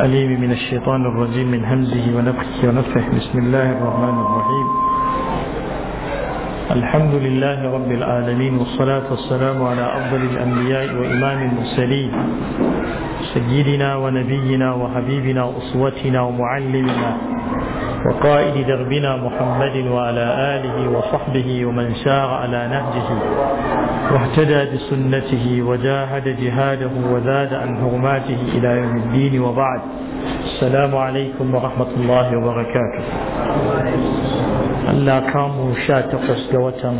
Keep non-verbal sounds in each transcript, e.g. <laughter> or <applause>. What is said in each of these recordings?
أليم من الشيطان الرجيم من همزه ونفخه ونفخه بسم الله الرحمن الرحيم الحمد لله رب العالمين والصلاة والسلام على أفضل الأنبياء وإمام المرسلين سيدنا ونبينا وحبيبنا وأسوتنا ومعلمنا وقائد دربنا محمد وعلى آله وصحبه ومن سار على نهجه واهتدى بسنته وجاهد جهاده وزاد عن هرماته إلى يوم الدين وبعد السلام عليكم ورحمة الله وبركاته Allah kamu sha takwas ga watan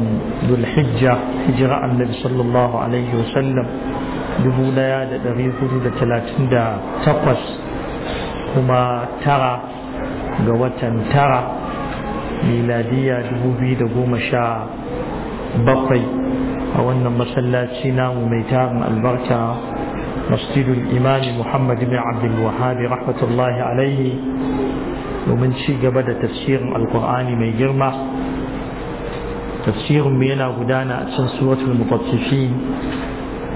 Zulhijja hijira annabi sallallahu alaihi wasallam dubu daya da dari hudu da talatin da takwas kuma tara ga watan tara miladiya 2017 a wannan masallaci namu mai tarin albarka masjidul imami muhammad bin abdul wahabi rahmatullahi alaihi domin ci gaba da tafsirin alkur'ani mai girma tafsirin mu yana gudana a can suratul mutaffifin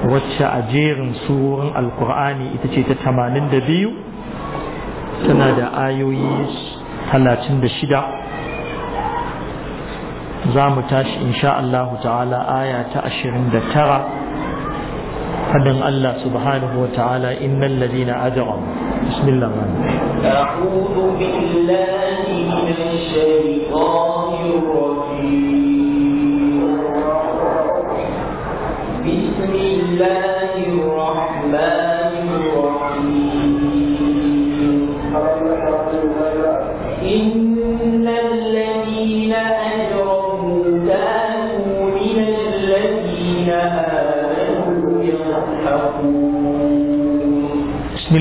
wacce a jerin surorin alkur'ani ita ce ta 82 tana da ayoyi talatin da shida za mu tashi insha Allah ta'ala aya ta ashirin da tara فدن الله سبحانه وتعالى إن الذين أجرموا بسم الله الرحمن أعوذ بالله من الشيطان الرجيم بسم الله الرحمن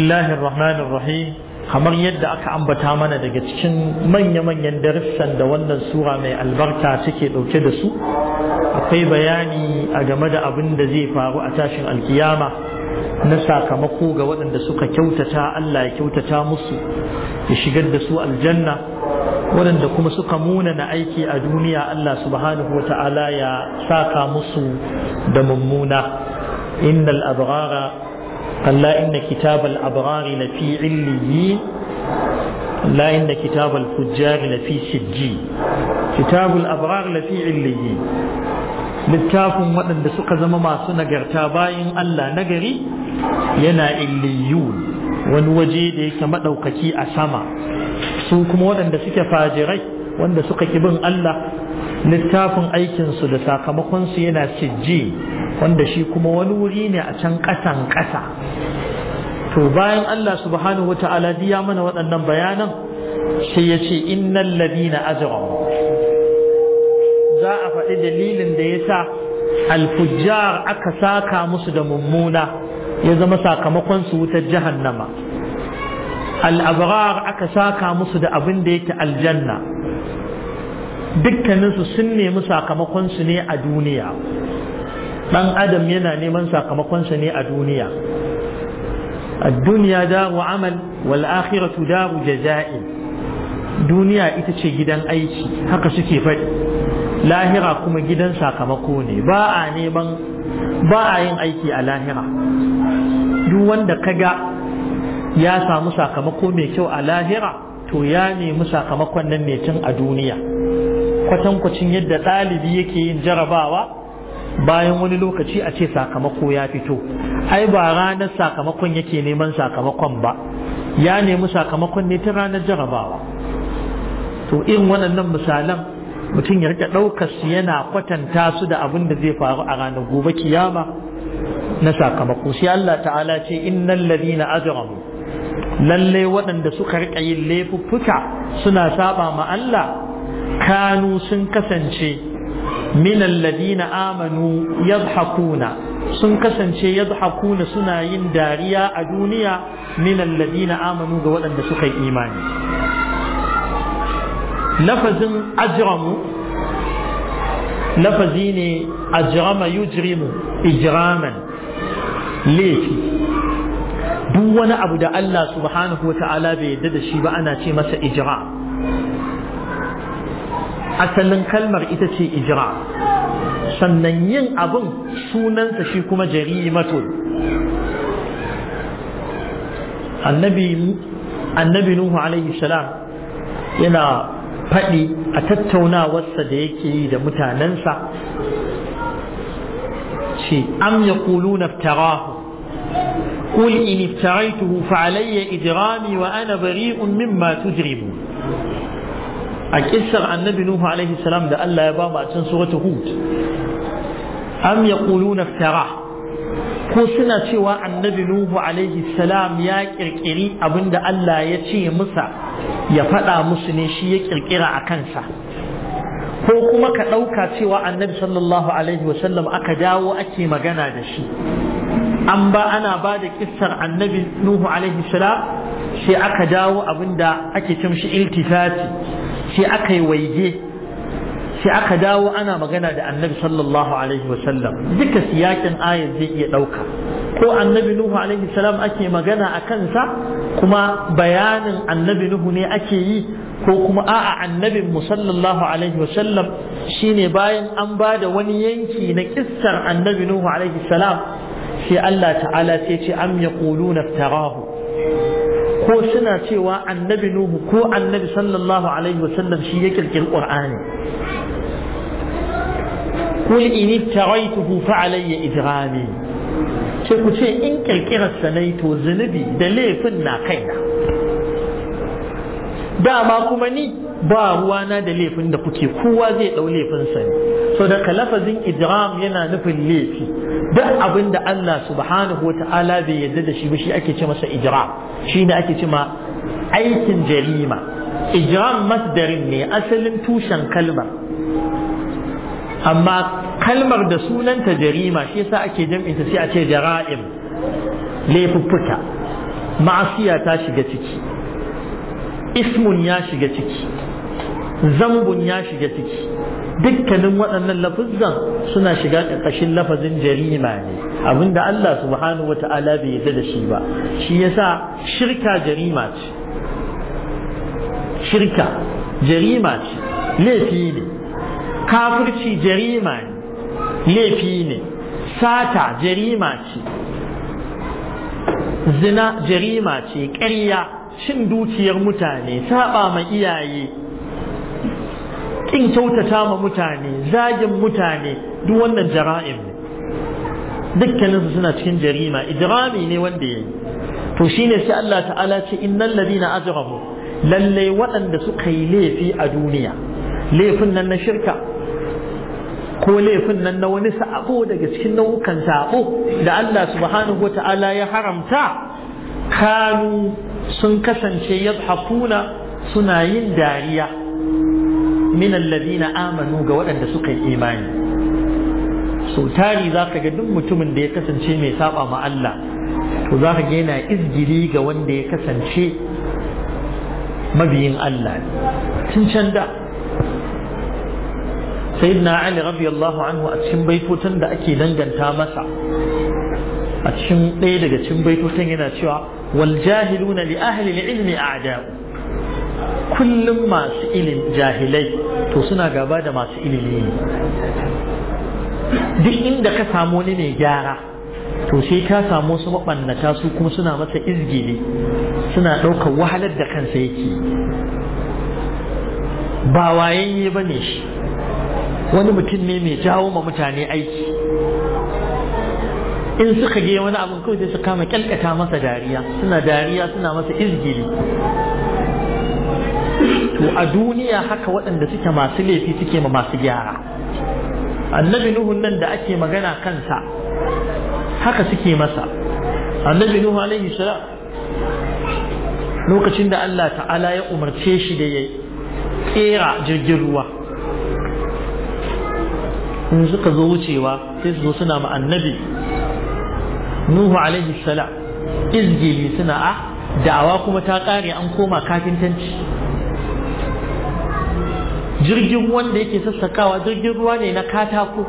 bismillahir rahmanir rahim kamar yadda aka ambata mana daga cikin manya-manyan darussan da wannan sura mai albarka take dauke da su akwai bayani a game da abin da zai faru a tashin alkiyama na sakamako ga waɗanda suka kyautata Allah ya kyautata musu ya shigar da su aljanna waɗanda kuma suka munana aiki a duniya Allah subhanahu wa ta'ala ya saka musu da mummuna innal abrara كلا إن كتاب الأبرار لفي عليين لا إن كتاب الفجار لفي سجين كتاب الأبرار لفي عليين littafin waɗanda suka zama masu nagarta bayan Allah nagari yana illiyun wani waje da yake maɗaukaki a sama su kuma waɗanda suke fajirai wanda suka ki bin Allah littafin aikinsu da sakamakonsu yana sijji wanda shi kuma wani wuri ne a can ƙasan ƙasa to bayan Allah subhanahu wata'ala duk ya mana waɗannan bayanan sai ya ce innal ladina ajramu za a faɗi dalilin da ya sa alfujjar aka saka musu da mummuna ya zama sakamakon su wutar jahannama al'abrar aka saka musu da abin da yake aljanna dukkaninsu sun nemi sakamakonsu ne a duniya dan adam yana neman sakamakonsa ne a duniya الدنيا دار عمل والآخرة دار جزاء duniya ita ce gidan aiki haka suke faɗi lahira kuma gidan sakamako ne ba a neman ba a yin aiki a lahira duk wanda kaga ya samu sakamako mai kyau a lahira to ya nemi sakamakon nan ne tun a duniya kwatankwacin yadda ɗalibi yake yin jarabawa bayan wani lokaci a ce sakamako ya fito ai ba ranar sakamakon yake neman sakamakon ba ya nemi sakamakon ne ta ranar jarabawa to in waɗannan misalan mutum ya rike ɗaukar su yana kwatanta su da abin da zai faru a ranar gobe kiyama na sakamako sai Allah ta'ala ce innal ladina ajramu lalle waɗanda suka rika yin laifuffuka suna saba ma Allah kanu sun kasance min alladina amanu yadhakuna sun kasance hakuna suna yin dariya a duniya Minan ladina amanu ga waɗanda suka yi imani lafazin ajramu lafazi ne ajrama yujrimu ijraman laifi duk wani abu da Allah subhanahu wa ta'ala bai yadda da shi ba ana ce masa ijira. asalin kalmar ita ce ijra sannan yin abin sunansa shi kuma jari'matun annabi annabi nuhu alaihi salam yana faɗi a tattaunawarsa da yake yi da mutanensa ce am ya ƙulu naftarahu قل إن افتريته فعلي إجرامي وأنا بريء مما تجرمون a kissar annabi nuhu alaihi salam da Allah ya ba mu a can suratul hud am yaquluna iftara ko suna cewa annabi nuhu alaihi salam ya kirkiri abinda Allah ya ce musa ya faɗa musu ne shi ya kirkira a kansa ko kuma ka ɗauka cewa annabi sallallahu alaihi wasallam aka dawo ake magana da shi an ba ana ba da kissar annabi nuhu alaihi salam sai aka dawo abinda ake cin shi iltifati sai aka yi waige sai aka dawo ana magana da annabi sallallahu alaihi wasallam duka siyakin ayar zai iya ɗauka ko annabi nuhu alaihi salam ake magana a kansa kuma bayanin annabi nuhu ne ake yi ko kuma a'a annabin mu sallallahu alaihi wasallam shine bayan an ba da wani yanki na kissar annabi nuhu alaihi salam sai Allah ta'ala sai ce am yaquluna iftarahu ko suna cewa annabi nuhu ko annabi sallallahu alaihi wasallam shi ya kirkiri qur'ani kul in ibtaghaituhu fa alayya idrami ce ku ce in kirkirar sanai to zunubi da laifin na kaina dama kuma ni ba ruwa na da laifin da kuke kowa zai ɗau laifin ne so da lafazin idram yana nufin laifi duk abin da Allah subhanahu wa ta'ala bai yarda da shi ba shi ake ce masa idram shi ne ake ce ma aikin jarima idram masdarin ne asalin tushen kalmar amma kalmar da sunanta jarima shi yasa ake jam'inta sai a ce jara'im laifuffuka ma'asiya ta shiga ciki ismun ya shiga ciki zambun ya shiga ciki dukkanin waɗannan lafuzzan suna shiga ƙarƙashin lafazin jarima ne abinda Allah subhanahu wata'ala bai yarda da shi ba shi yasa shirka jarima ce shirka jarima ce laifi ne kafirci jarima ne laifi ne sata jarima ce zina jarima ce ƙarya cin dukiyar mutane saba ma iyaye kin kyautata ma mutane zagin mutane duk wannan jara'im ne dukkaninsu suna cikin jarima idrami ne wanda yayi to shine sai Allah ta'ala ce innal ladina ajramu lalle waɗanda suka yi laifi a duniya laifin nan na shirka ko laifin nan na wani sa'abo daga cikin nau'ukan sa'abo da Allah subhanahu wata'ala ya haramta kanu sun kasance yadhakuna suna yin dariya min alladhina amanu ga waɗanda suka yi imani so tari zaka ga duk mutumin da ya kasance mai saba ma Allah to zaka ga yana izgiri ga wanda ya kasance mabiyin Allah tun can da sayyidina Ali radiyallahu anhu a cikin baitotan da ake danganta masa a cikin ɗaya daga cikin baitotan yana cewa wal jahiluna li ahli ilmi a'da kullum masu ilim jahilai to suna gaba da masu ilimi ne duk inda ka samu wani mai gyara to sai ka samu su maɓannata su kuma suna masa izgili suna ɗaukar wahalar da kansa yake ba wayayye ba ne shi wani mutum ne mai jawo ma mutane aiki in suka ge wani abin kawai sai su kama kyalkata masa dariya suna dariya suna masa izgili to a duniya haka waɗanda suke masu laifi suke ma masu gyara annabi nuhun nan da ake magana kansa haka suke masa annabi nuhu alaihi salam lokacin da Allah ta'ala ya umarce shi da ya kera jirgin ruwa in suka zo wucewa sai su zo suna ma annabi nuhu alaihi salam izgili suna a ah, da'awa kuma ta kare an koma kafintanci jirgin wanda yake sassakawa jirgin ruwa ne na katako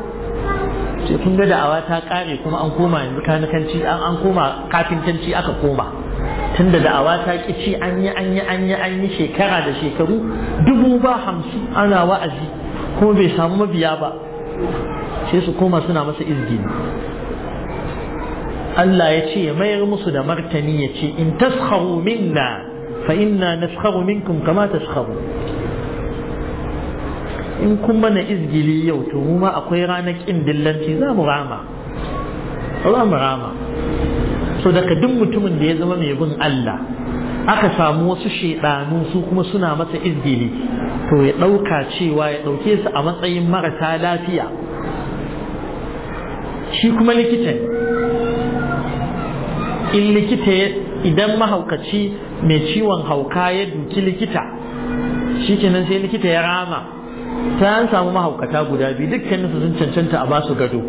sai kun ga da'awa ta kare kuma an koma yanzu kanikanci an koma kafintanci aka koma tunda da'awa ta ki ci an yi an yi an yi an yi shekara da shekaru dubu ba hamsin ana wa'azi kuma bai samu mabiya ba sai su koma suna masa izgili Allah ya ce ya mayar musu da martani ya ce in taskharu minna fa inna naskharu minkum kama taskharu in kun mana izgili yau to mu ma akwai ranar kin dillanci za mu rama za mu rama so daga duk mutumin da ya zama mai bin Allah aka samu wasu shaidanu su kuma suna masa izgili to ya ɗauka cewa ya ɗauke su a matsayin marasa lafiya shi kuma likitan in likita idan mahaukaci mai ciwon hauka ya duki likita shikenan sai likita ya rama ta an samu mahaukata guda biyu dukkaninsu sun cancanta a basu gado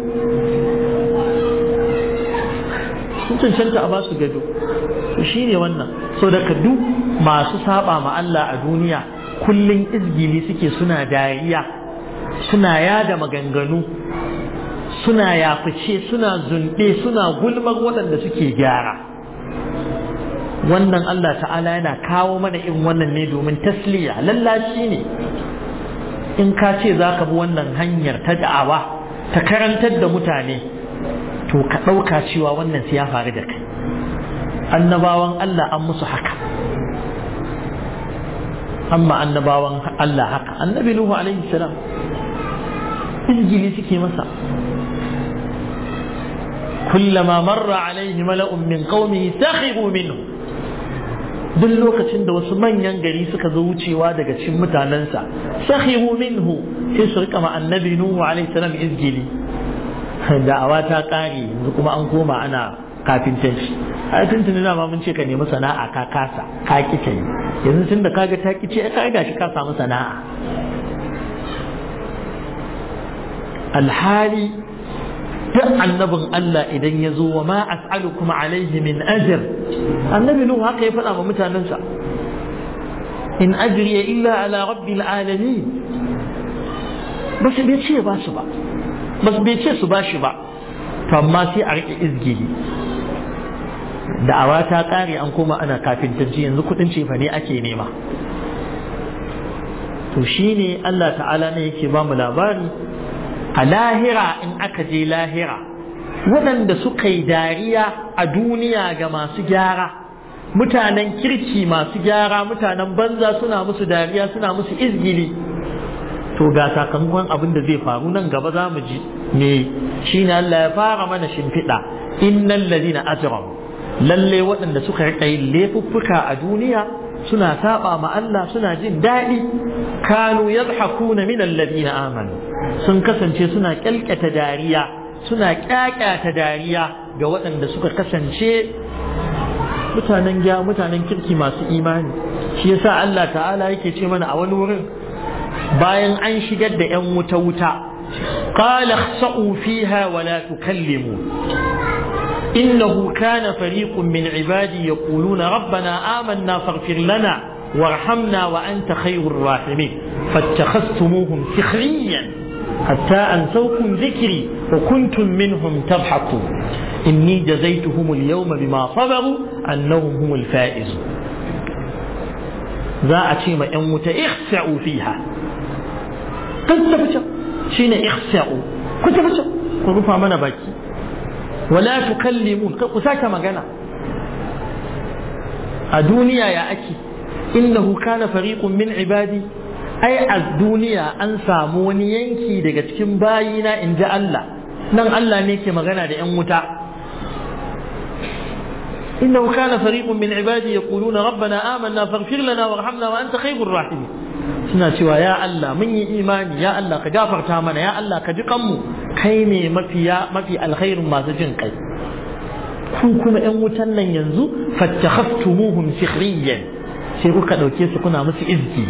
sun cancanta a basu gado shi ne wannan so daga duk masu saba ma Allah a duniya kullum izgili suke suna dariya suna yada maganganu suna yafice suna zunbe suna gulmar waɗanda suke gyara wannan Allah ta'ala yana kawo mana in wannan ne domin tasliya lallashi ne in ka ce za ka bi wannan hanyar ta da'awa ta karantar da mutane to ka ɗauka cewa wannan su ya faru da kai annabawan Allah an musu haka amma annabawan Allah haka annabi Nuhu alaihi salam injili suke masa kullama marra alaihi mala'un min qaumihi sakhiru minhu duk lokacin da wasu manyan gari suka zo wucewa daga cikin mutanensa sakhiru minhu sai su rika annabi nuhu alaihi salam izgili <laughs> da'awa ta kare yanzu kuma an koma ana kafintanci ai tuntun da ma mun ce ka nemi sana'a ka kasa ka ki yi yanzu tun da kaga ta kice ce ka ga shi ka samu sana'a alhali duk annabin Allah idan ya zo wa ma alaihi min ajr annabi nuhu haka ya faɗa wa mutanensa in ajriya illa ala rabbil alamin Basu su bai ce ba su ba ba bai ce su ba shi ba to amma sai a rike izgili da'awa ta ƙare an koma ana kafintanci yanzu kuɗin cefa ne ake nema to shine Allah ta'ala ne yake ba mu labari a lahira in aka je lahira waɗanda suka yi dariya a duniya ga masu gyara mutanen kirki masu gyara mutanen banza suna musu dariya suna musu izgili to ga sakamakon abin da zai faru nan gaba za mu ji me ne Allah ya fara mana shimfiɗa innal ladina ajramu lalle waɗanda suka yi yin laifuffuka a duniya suna saba ma Allah suna jin daɗi kanu yadhakuna min alladhina amanu sun kasance suna kyalkyata dariya suna kyakyata dariya ga waɗanda suka kasance mutanen gya mutanen kirki masu imani shi yasa Allah ta'ala yake ce mana a wani wurin bayan an shigar da 'yan wuta wuta qala khsa'u fiha wa la tukallimu إنه كان فريق من عبادي يقولون ربنا آمنا فاغفر لنا وارحمنا وأنت خير الراحمين فاتخذتموهم سخريا حتى أنسوكم ذكري وكنتم منهم تضحكون إني جزيتهم اليوم بما صبروا أنهم هم الفائزون ذا أتيم إن متإخسعوا فيها قد ikhsa'u شين إخسعوا قد can shine ikhsa'u ku wala tukallimun ku sake magana a duniya ya ake innahu kana fariqun min ibadi ai a duniya an samu wani yanki daga cikin bayina in ji Allah nan Allah ne ke magana da 'yan wuta innahu kana fariqun min ibadi yaquluna rabbana amanna faghfir lana warhamna wa anta khayrur rahimin suna cewa ya Allah mun yi imani ya Allah ka gafarta mana ya Allah ka ji kanmu kai ne mafi alkhairin masu jin kai ku kuma yan wutan nan yanzu fattakhaftumuhum sikhriyan sai kuka dauke su kuna musu izgi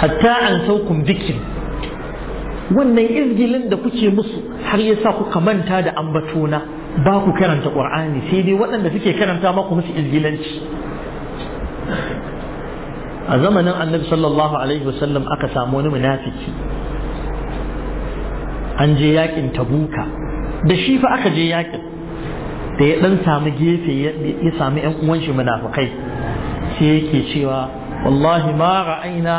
hatta an saukum dikir wannan izgilin da kuke musu har yasa kuka manta da ambatona ba ku karanta qur'ani sai dai waɗanda suke karanta maku musu izgilanci a zamanin annabi sallallahu alaihi wasallam aka samu wani munafiki an je yakin tabuka da shi fa aka je yakin da ya dan samu gefe ya samu yan uwan shi munafikai sai yake cewa wallahi ma ra'aina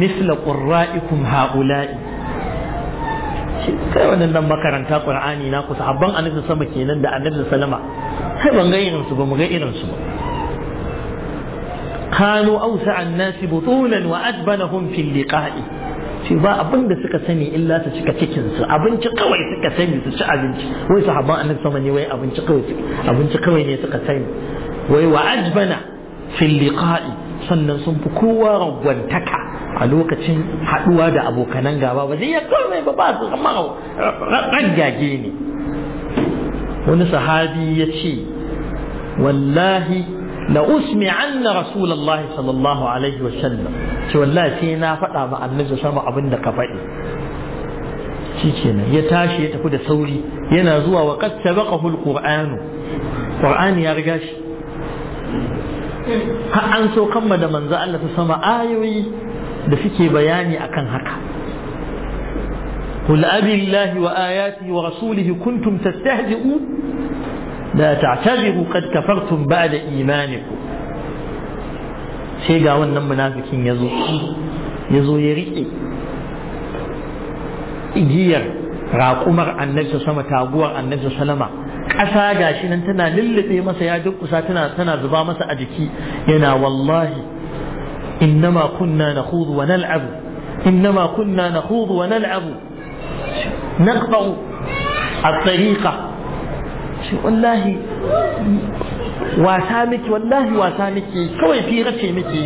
misla qurra'ikum haula'i kai wannan nan makaranta qur'ani na ku sahabban annabi sama kenan da annabi sallama kai ban ga irin su ba mu ga irin su ba kanu awsa nasi wa adbanahum fil liqa'i ce ba abin da suka sani illa su cika cikin abinci kawai suka sani su ci abinci wai sahabban annabi sama ne wai abinci kawai abinci kawai ne suka sani wai wa ajbana fil liqa'i sannan sun fi kowa ragwantaka a lokacin haduwa da abokanan gaba ba zai ya komai ba ba su amma rangage ne wani sahabi ya ce wallahi la usmi anna rasulullah sallallahu alaihi wa sallam ce wallahi sai na faɗa ma annabi sama abin da ka faɗi shi kenan ya tashi ya tafi da sauri yana zuwa wa qad sabaqahu alquran qur'ani ya riga shi har an so kamma da manzo Allah ta sama ayoyi da suke bayani akan haka قل أبي الله وآياته ورسوله كنتم تستهزئون لا تعتذروا قد كفرتم بعد إيمانكم سيقا وانا منافقين يزو يزو يريئي إجير راقمر عن نفس سما تابور عن نفس سلمة أساجا شين أنتنا للذي ما سيادك وساتنا سنا زبا ما سأجكي ينا والله إنما كنا نخوض ونلعب إنما كنا نخوض ونلعب نقطع الطريقة ce wallahi wasa miki wallahi wasa miki kawai fira ce miki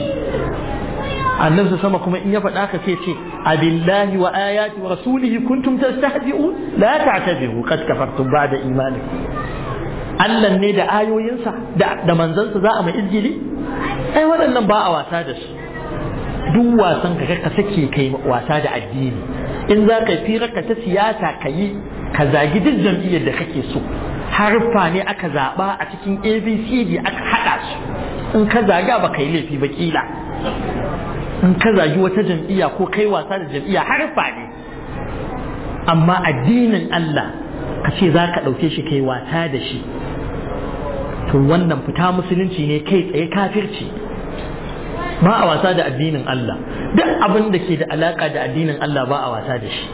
annabi sama kuma in ya faɗa ka sai ce abillahi wa ayati wa rasulihi kuntum tastahzi'un la ta'tabiru qad kafartum ba'da imanikum Allah ne da ayoyinsa da manzansa za a mai izgili ai waɗannan ba a wasa da su duk wasan ka ka sake kai wasa da addini in za ka fira ka ta siyasa ka yi ka zagi duk jam'iyyar da kake so harfa ne aka zaɓa a cikin abcd aka haɗa su in ka zaga ba ka yi laifi ba kila in ka zagi wata jam'iyya ko kai wasa da jam'iyya harfa ne amma addinin Allah ka ce za ka ɗauke shi kai wasa da shi to wannan fita musulunci ne kai tsaye kafirci ba a wasa da addinin Allah duk abin da ke da alaka da addinin Allah ba a wasa da shi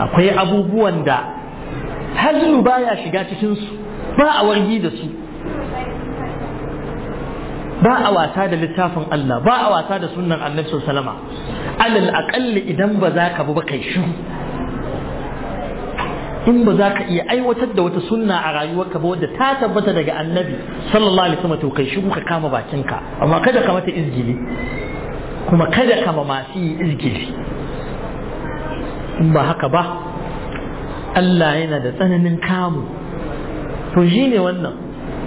akwai abubuwan da ba baya shiga cikin ba a wargi da su ba a wasa da littafin Allah ba a wasa da sunan annabi sallama alal aqalli idan ba za ka bi ba kai shi in ba za ka iya aiwatar da wata sunna a rayuwarka ba wadda ta tabbata daga annabi sallallahu alaihi wasallam to kai shi ka kama bakinka amma kada ka mata izgili kuma kada ka ma masu izgili in ba haka ba Allah yana da tsananin kamu to ne wannan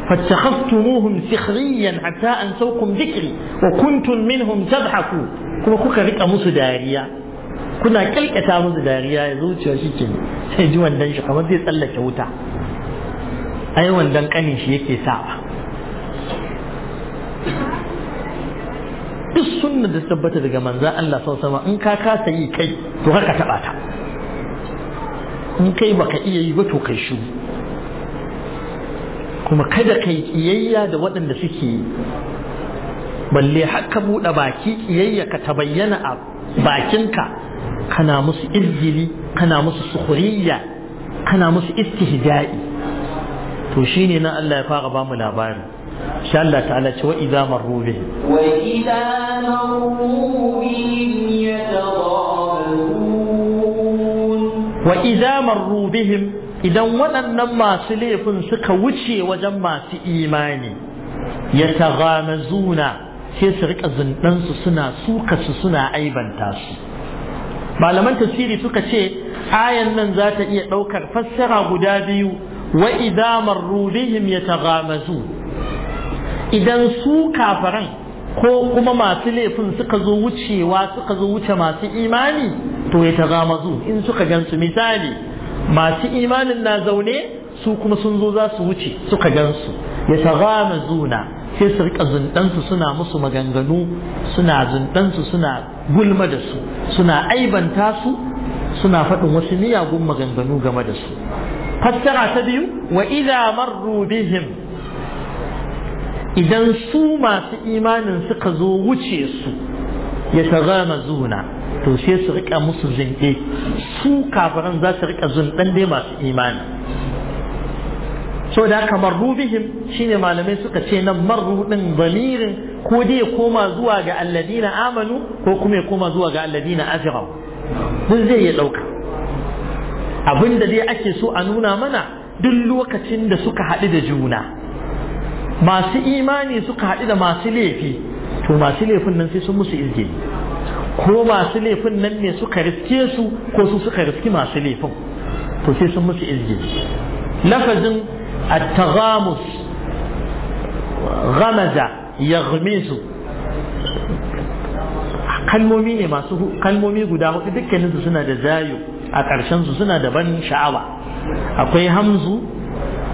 fattakhastumuhum sikhriyan hatta an saukum dhikri wa kuntum minhum tadhaku kuma kuka rika musu dariya kuna kalkata musu dariya ya zuciya shike sai ji wandan shi kamar zai tsallake wuta ai wandan kanin shi yake sawa duk sunna da tabbata daga manzan Allah sau in ka kasa yi kai to ka taba ta in kai baka iya yi ba to kai shi kuma kada kai kiyayya da waɗanda suke balle haka buɗe baki kiyayya ka ta bayyana a bakinka kana musu izgili kana musu sukuriyya, kana musu istihja'i to shine nan Allah ya fara bamu labari insha Allah ta'ala ce wa idza marru wa idza marru idza marru idan waɗannan masu laifin suka wuce wajen masu imani ya taghamazuna sai su rika zinɗansu suna suka su suna aibanta su malaman tasiri suka ce ayan nan za ta iya ɗaukar fassara guda biyu wa idza marru bihim yataghamazu idan su kafaran ko kuma masu laifin suka zo wucewa suka zo wuce masu imani to ya ta gamazu in suka gansu misali masu imanin na zaune su kuma sun zo za su wuce suka gansu ya ta gamazuna sai su rika zundansu suna musu maganganu suna zundansu suna gulma da su suna aibanta su suna faɗin wasu miyagun maganganu game da su fassara ta biyu wa ila marru bihim idan su masu imanin suka zo wuce su ya zuna to sai su rika musu zinɗe su kafiran za su rika zunɗan dai masu imani so da kamar rubihim shine malamai suka ce nan marru din zamirin ko dai koma zuwa ga alladina amanu ko kuma ya koma zuwa ga alladina afirau duk zai ya ɗauka abinda dai ake so a nuna mana duk lokacin da suka haɗu da juna masu imani suka haɗu da masu laifi to masu laifin nan sai sun musu izgili ko masu laifin nan ne suka riske su ko su suka riski masu laifin to sai sun musu izgili lafazin at-taghamus ghamaza yaghmizu kalmomi ne masu kalmomi guda hudu dukkanin su suna da zayo. a ƙarshen su suna da ban sha'awa akwai hamzu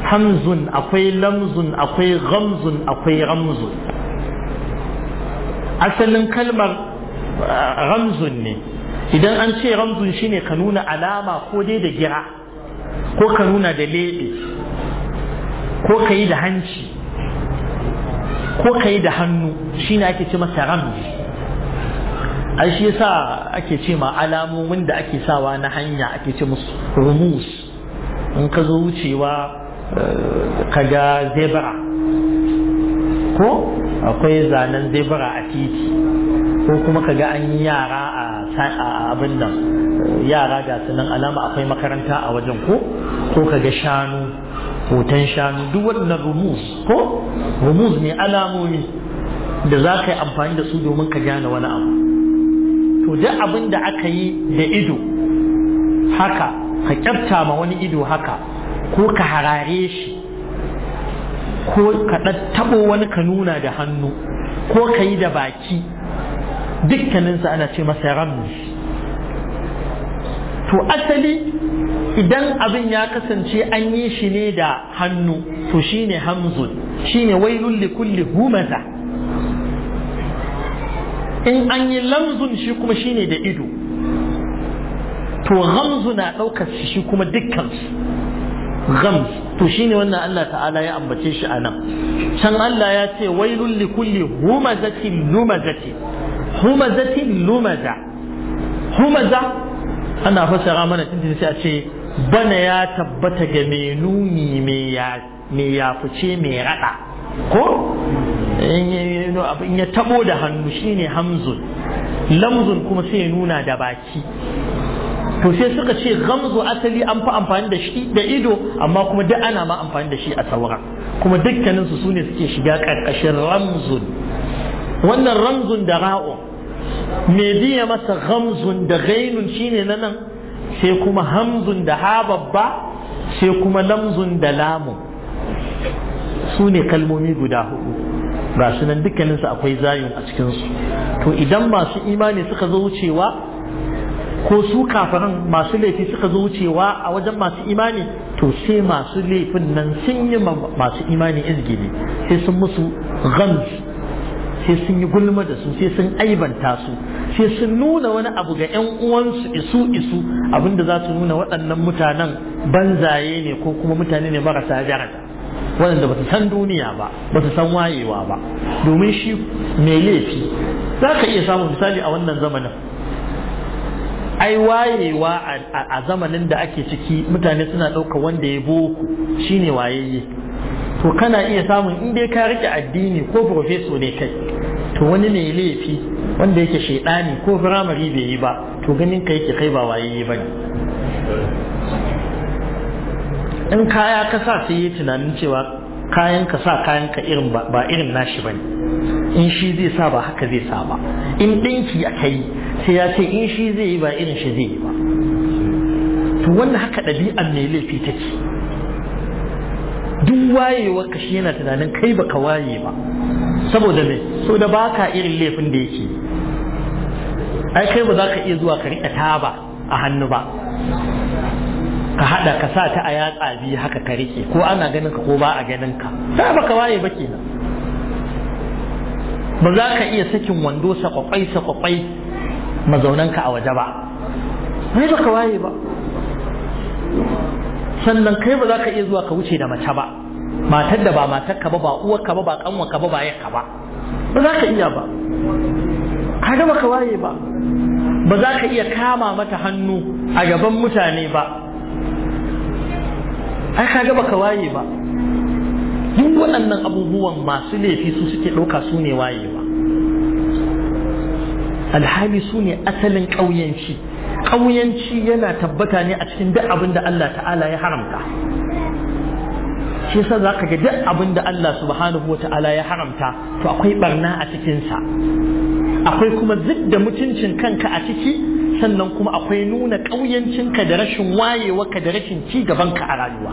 hamzun akwai lamzun akwai Ramzun akwai ramzun asalin kalmar ramzun ne idan an ce ramzun shine ka nuna alama ko dai da gira ko ka da leɓe ko ka yi da hanci ko ka yi da hannu shine ake ce masa ramzi An shi yasa ake ce ma alamomin da ake sawa na hanya ake ce musu rumus in ka zo wucewa eh, ka ga zebra ko akwai zanen zebra a titi ko kuma ka ga an yi yara a abin nan yara ga sunan alama akwai makaranta a wajen ko ko ka ga shanu hoton shanu duk waɗannan rumus ko rumus ne alamomi da za ka yi amfani da su domin ka gane wani abu to duk abin da aka yi da ido haka ka kyafta ma wani ido haka ko ka harare shi ko ka taɓo wani ka nuna da hannu ko ka yi da baki dukkaninsa ana ce masa ramzi to asali idan abin ya kasance an yi shi ne da hannu to shine hamzun shine wailul li kulli humaza in an yi lamzun shi kuma shine da ido to ghamzu na ɗaukar shi kuma dukkan غمز to shine wannan Allah ta'ala ya ambace shi anan can Allah ya ce wailul likulli humazatin lumazati humazatin lumaza humaza ana fasara mana tuntun sai a ce bana ya tabbata ga mai nuni mai yafuce mai rada ko in ya tabo da hannu shine hamzun lamzun kuma sai ya nuna da baki to sai suka ce gamzu asali an fi amfani da shi da ido amma kuma duk ana ma amfani da shi a saura kuma dukkaninsu su ne suke shiga ƙarƙashin ramzun wannan ramzun da ra'un me biya masa hamzun da gainun shine na nan sai kuma hamzun da ha babba sai kuma lamzun da Lamu? su ne kalmomi guda hudu ba su nan dukkaninsu akwai zayin a cikinsu to idan masu imani suka zo wucewa ko su kafaran masu laifi suka zo wucewa a wajen masu imani to sai masu laifin nan sun yi masu imani izgili sai sun musu gams sai sun yi gulma da su sai sun aibanta su sai sun nuna wani abu ga 'yan uwansu isu isu abinda za su nuna waɗannan mutanen banzaye ne ko kuma mutane ne marasa daraja waɗanda ba su san duniya ba ba su san wayewa ba domin shi mai laifi za ka iya samun misali a wannan zamanin ai wayewa a zamanin da ake ciki mutane suna ɗauka wanda ya boko shine wayayye to kana iya samun in dai ka rike addini ko profeso ne kai to wani ne laifi wanda yake shaidani ko firamari bai yi ba to ganin ka yake kai ba waye ba ne in kaya ka sa sai yi tunanin cewa kayan ka sa kayan ka irin ba irin nashi ba ne in shi zai sa ba haka zai sa ba in ɗinki aka yi sai ya ce in shi zai yi ba irin shi zai yi ba to wannan haka ɗabi'an mai laifi take duk wayewar ka shi yana tunanin kai ba ka waye ba saboda me so da ka irin laifin da yake ai kai ba za ka iya zuwa ka riƙa taba a hannu ba ka hada ka sa ta a yatsa biyu haka ka riƙe ko ana ganin ka ko ba a ganin ka ta ka waye ba kenan ba za ka iya sakin wando sakwakwai mazaunan ka a waje ba ai ka waye ba sannan kai ba za ka iya zuwa ka wuce da mace ba matar da ba matar ka ba ba uwar ka ba ba kanwar ka ba ba yakka ba ba za ka iya ba ka gaba ka waye ba ba za ka iya kama mata hannu a gaban mutane ba ai ka gaba ka waye ba duk waɗannan abubuwan masu laifi su suke ɗauka su ne waye ba alhali su ne asalin ƙauyanci ƙauyanci yana tabbata ne a cikin duk abin da Allah ta'ala ya haramta shi za ka ga duk abin da Allah subhanahu wata'ala ya haramta to akwai barna a cikin sa akwai kuma zidda mutuncin kanka a ciki sannan kuma akwai nuna ƙauyancinka da rashin wayewarka da rashin ci gabanka a rayuwa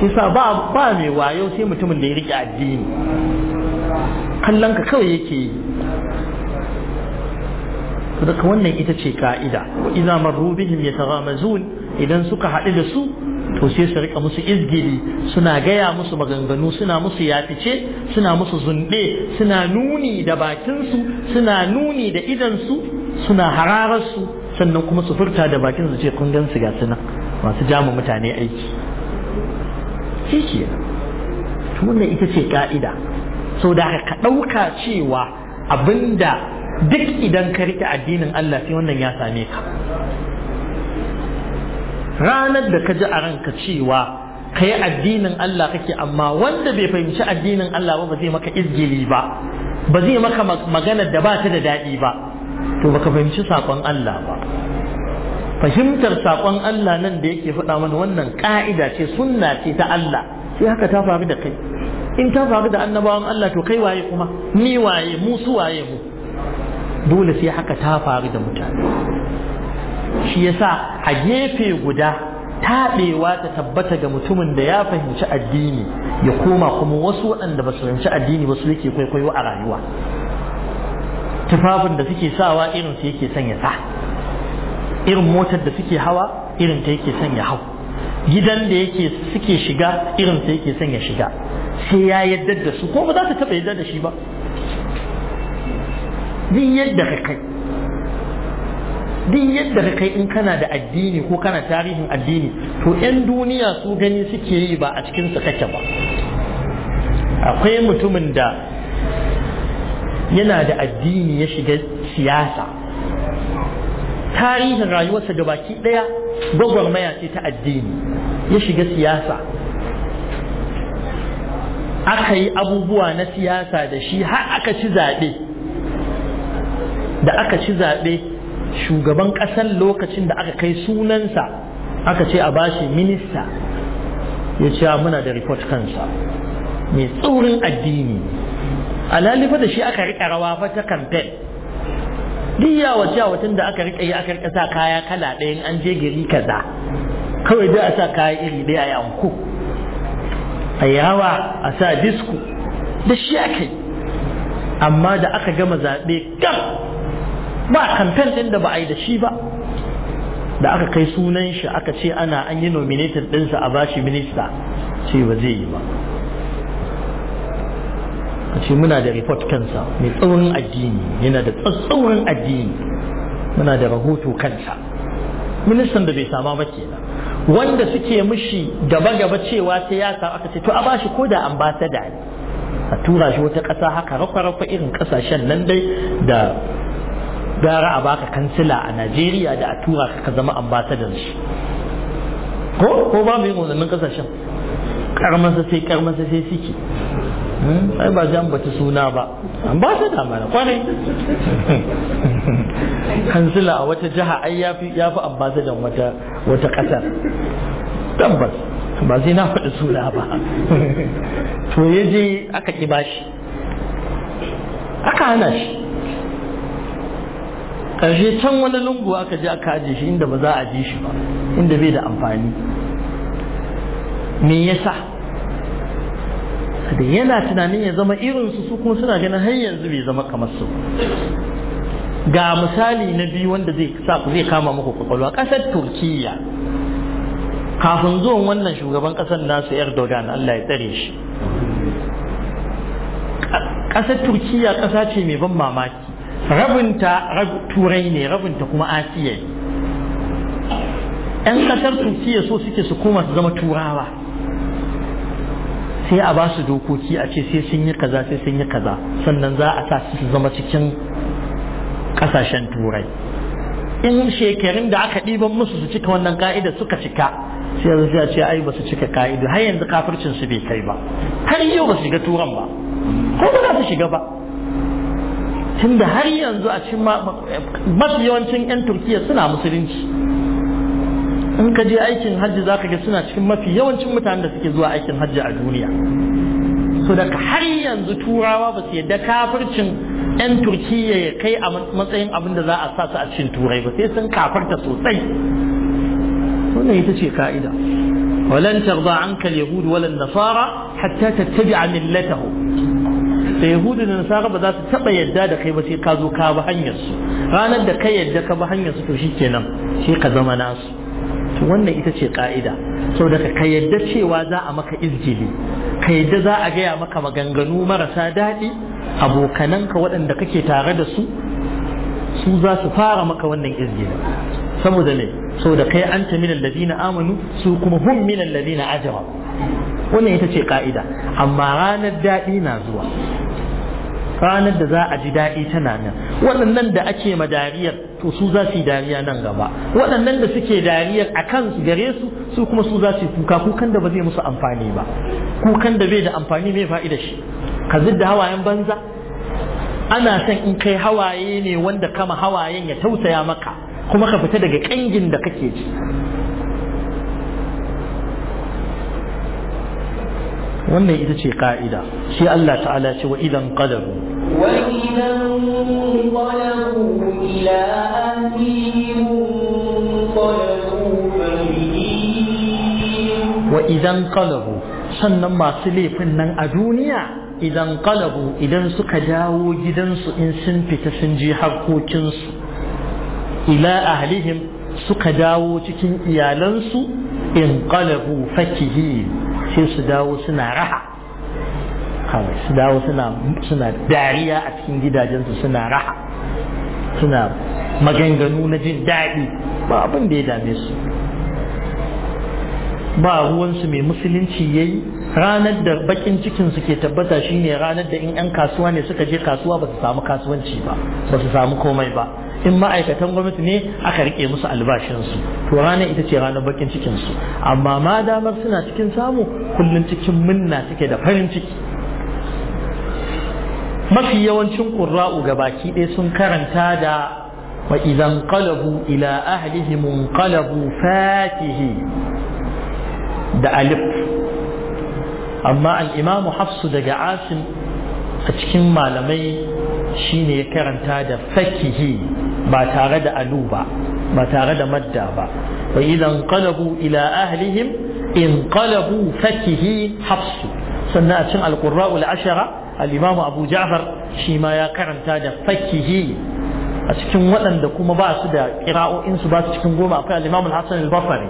shi sa ba ba mai wayo sai mutumin da ya rike addini kallon ka kawai yake yi daga wannan ita ce ka'ida wa idza marru yataghamazun idan suka haɗu da su to sai su rika musu izgiri suna gaya musu maganganu suna musu yafice suna musu zunde suna nuni da bakinsu suna nuni da idansu suna harararsu sannan kuma su furta da bakin su ce kun gansu ga suna masu jama mutane aiki shi ke wannan ita ce ka'ida sau da ka ɗauka cewa abinda duk idan ka rike addinin Allah sai wannan ya same ka ranar da ka ji a ranka cewa kai addinin Allah kake amma wanda bai fahimci addinin Allah ba ba zai maka izgili ba ba zai maka magana da ba ta da daɗi ba to baka fahimci saƙon Allah ba fahimtar saƙon Allah nan da yake faɗa mana wannan ƙa'ida ce sunna ce ta Allah sai haka ta faru da kai in ta faru da annabawan Allah to kai waye kuma ni waye mu su waye mu dole sai haka ta faru da mutane shi yasa a gefe guda taɓewa ta tabbata ga mutumin da ya fahimci addini ya koma kuma wasu waɗanda ba su fahimci addini ba su yake kwaikwayo a rayuwa tufafin da suke sawa irin su yake son sa irin motar da suke hawa irin ta yake son hau gidan da yake suke shiga irin ta yake son shiga sai ya yadda da su ko ba za ta taɓa yadda da shi ba duk yadda ka kai duk yadda ka kai in kana da addini ko kana tarihin addini to 'yan duniya su gani suke yi ba a cikin su kake ba akwai mutumin da yana da addini ya shiga siyasa tarihin rayuwarsa da baki ɗaya gwagwarmaya ce ta addini ya shiga siyasa aka yi abubuwa na siyasa da shi har aka ci zaɓe da aka ci zaɓe shugaban ƙasar lokacin da aka kai sunansa aka ce a bashi minista ya ce ah, muna da report kansa mai tsaurin addini A alalifa da shi aka riƙa rawa fa ta kamfen duk yawa watan da aka riƙa yi aka riƙa sa kaya kala ɗaya an je gari kaza kawai dai a sa kaya iri ɗaya a yanku a yawa a sa disku da shi aka yi amma da aka gama zaɓe gam ba kamfen ɗin da ba a yi da shi ba da aka kai sunan shi aka ce ana an yi nominated ɗinsa a bashi minista ce ba zai yi ba a ce muna da report kansa mai tsaurin addini yana da tsaurin addini muna da rahoto kansa ministan da bai sama ba kenan wanda suke mishi gaba-gaba cewa sai ya samu aka ce to a bashi ko da ambasada ne a tura shi wata ƙasa haka rafa-rafa irin ƙasashen nan dai da gara a baka kansila a najeriya da a tura ka zama ambasadan shi ko ko ba mu yin wannan kasashen karmansa sai karmansa sai suke hmm, ai ba zan bata suna ba ambasada mana kwanai <laughs> kansila a wata jiha ai yafi yafi ambasadan wata wata kasar tabbas ba sai na faɗi suna ba <laughs> to ya je aka ƙi bashi aka hana shi ƙarshe can wani lungu aka je aka aje shi inda ba za a ji shi ba inda bai da amfani me yasa da yana tunanin ya zama irin su kuma suna ganin har yanzu bai zama kamar su ga misali na biyu wanda zai zai kama muku kwakwalwa ƙasar turkiyya kafin zuwan wannan shugaban ƙasar nasu erdogan allah ya tsare shi ƙasar turkiyya ƙasa ce mai ban mamaki rabinta turai ne rabinta kuma asiya ne yan kasar Turkiyya so suke su koma su zama turawa sai a ba su dokoki a ce sai sun yi kaza sai sun yi kaza sannan za a sa su zama cikin ƙasashen turai in shekarun da aka ɗiban musu su cika wannan ka'ida suka cika sai yanzu ya ce ai ba su cika ka'ida har yanzu kafircin su bai kai ba har yau ba su shiga turan ba ko ba su shiga ba tunda har yanzu a cikin mafi yawancin 'yan turkiya suna musulunci in ka je aikin hajji za ka ga suna cikin mafi yawancin mutanen da suke zuwa aikin hajji a duniya so daga har yanzu turawa ba su yadda kafircin 'yan turkiya ya kai a matsayin abin da za a sa su a cikin turai ba sai sun kafarta sosai wannan ita ce ka'ida walan tarda anka al-yahud wala nasara hatta tattabi'a millatahum da yahudu da nasara ba za su taba yadda da kai ba sai ka zo ka bi hanyar su ranar da ka yadda ka bi hanyar su to kenan sai ka zama nasu to wannan ita ce ka'ida saboda ka yadda cewa za a maka izjili ka yadda za a gaya maka maganganu marasa daɗi abokananka waɗanda kake tare da su su za su fara maka wannan izgili saboda ne saboda kai anta min alladhina amanu su kuma hum min alladhina ajra wannan ita ce ka'ida amma ranar daɗi na zuwa ranar da za a ji daɗi tana nan waɗannan da ake ma dariyar to su za su yi dariya nan gaba waɗannan da suke dariyar a kan su gare su su kuma su za su yi kuka kukan da ba zai musu amfani ba kukan da bai da amfani mai fa'ida shi ka da hawayen banza ana son in kai hawaye ne wanda kama hawayen ya tausaya maka kuma ka fita daga ƙangin da kake ji. wannan ita ce ka'ida shi Allah ta'ala ce wa idan qalabu wa idan qalabu ila wa idan qalabu sannan masu laifin nan a duniya idan qalabu idan suka dawo gidansu in sun fita sun je harkokinsu ila ahlihim suka dawo cikin iyalansu in qalabu fakihin sai su dawo suna raha kawai su dawo suna dariya a cikin gidajensu suna raha suna maganganu na jin daɗi ba abin da ya dame su ba ruwansu mai musulunci ya yi ranar da bakin cikin ke tabbata shine ranar da in 'yan kasuwa ne suka je kasuwa ba su samu kasuwanci ba ba su samu komai ba in ma'aikatan gwamnati ne aka rike musu albashinsu to ranar ita ce ranar bakin cikinsu amma ma damar suna cikin samu kullum cikin minna suke da farin ciki mafi yawancin ƙurra'u ga baki ɗaya sun karanta da wa idan qalabu ila ahlihim qalabu fakihi da alif amma al-imam hafsu daga asim a cikin malamai shine ya karanta da fakihi ba tare da alu ba ba tare da madda ba wa idan qalabu ila ahlihim in qalabu fakihi hafsu sannan a cin alqurra'ul ashara al-imam abu ja'far shi ma ya karanta da fakihi a cikin waɗanda kuma ba su da ƙira'o'in su ba su cikin goma akwai al-imam al-hasan al-basri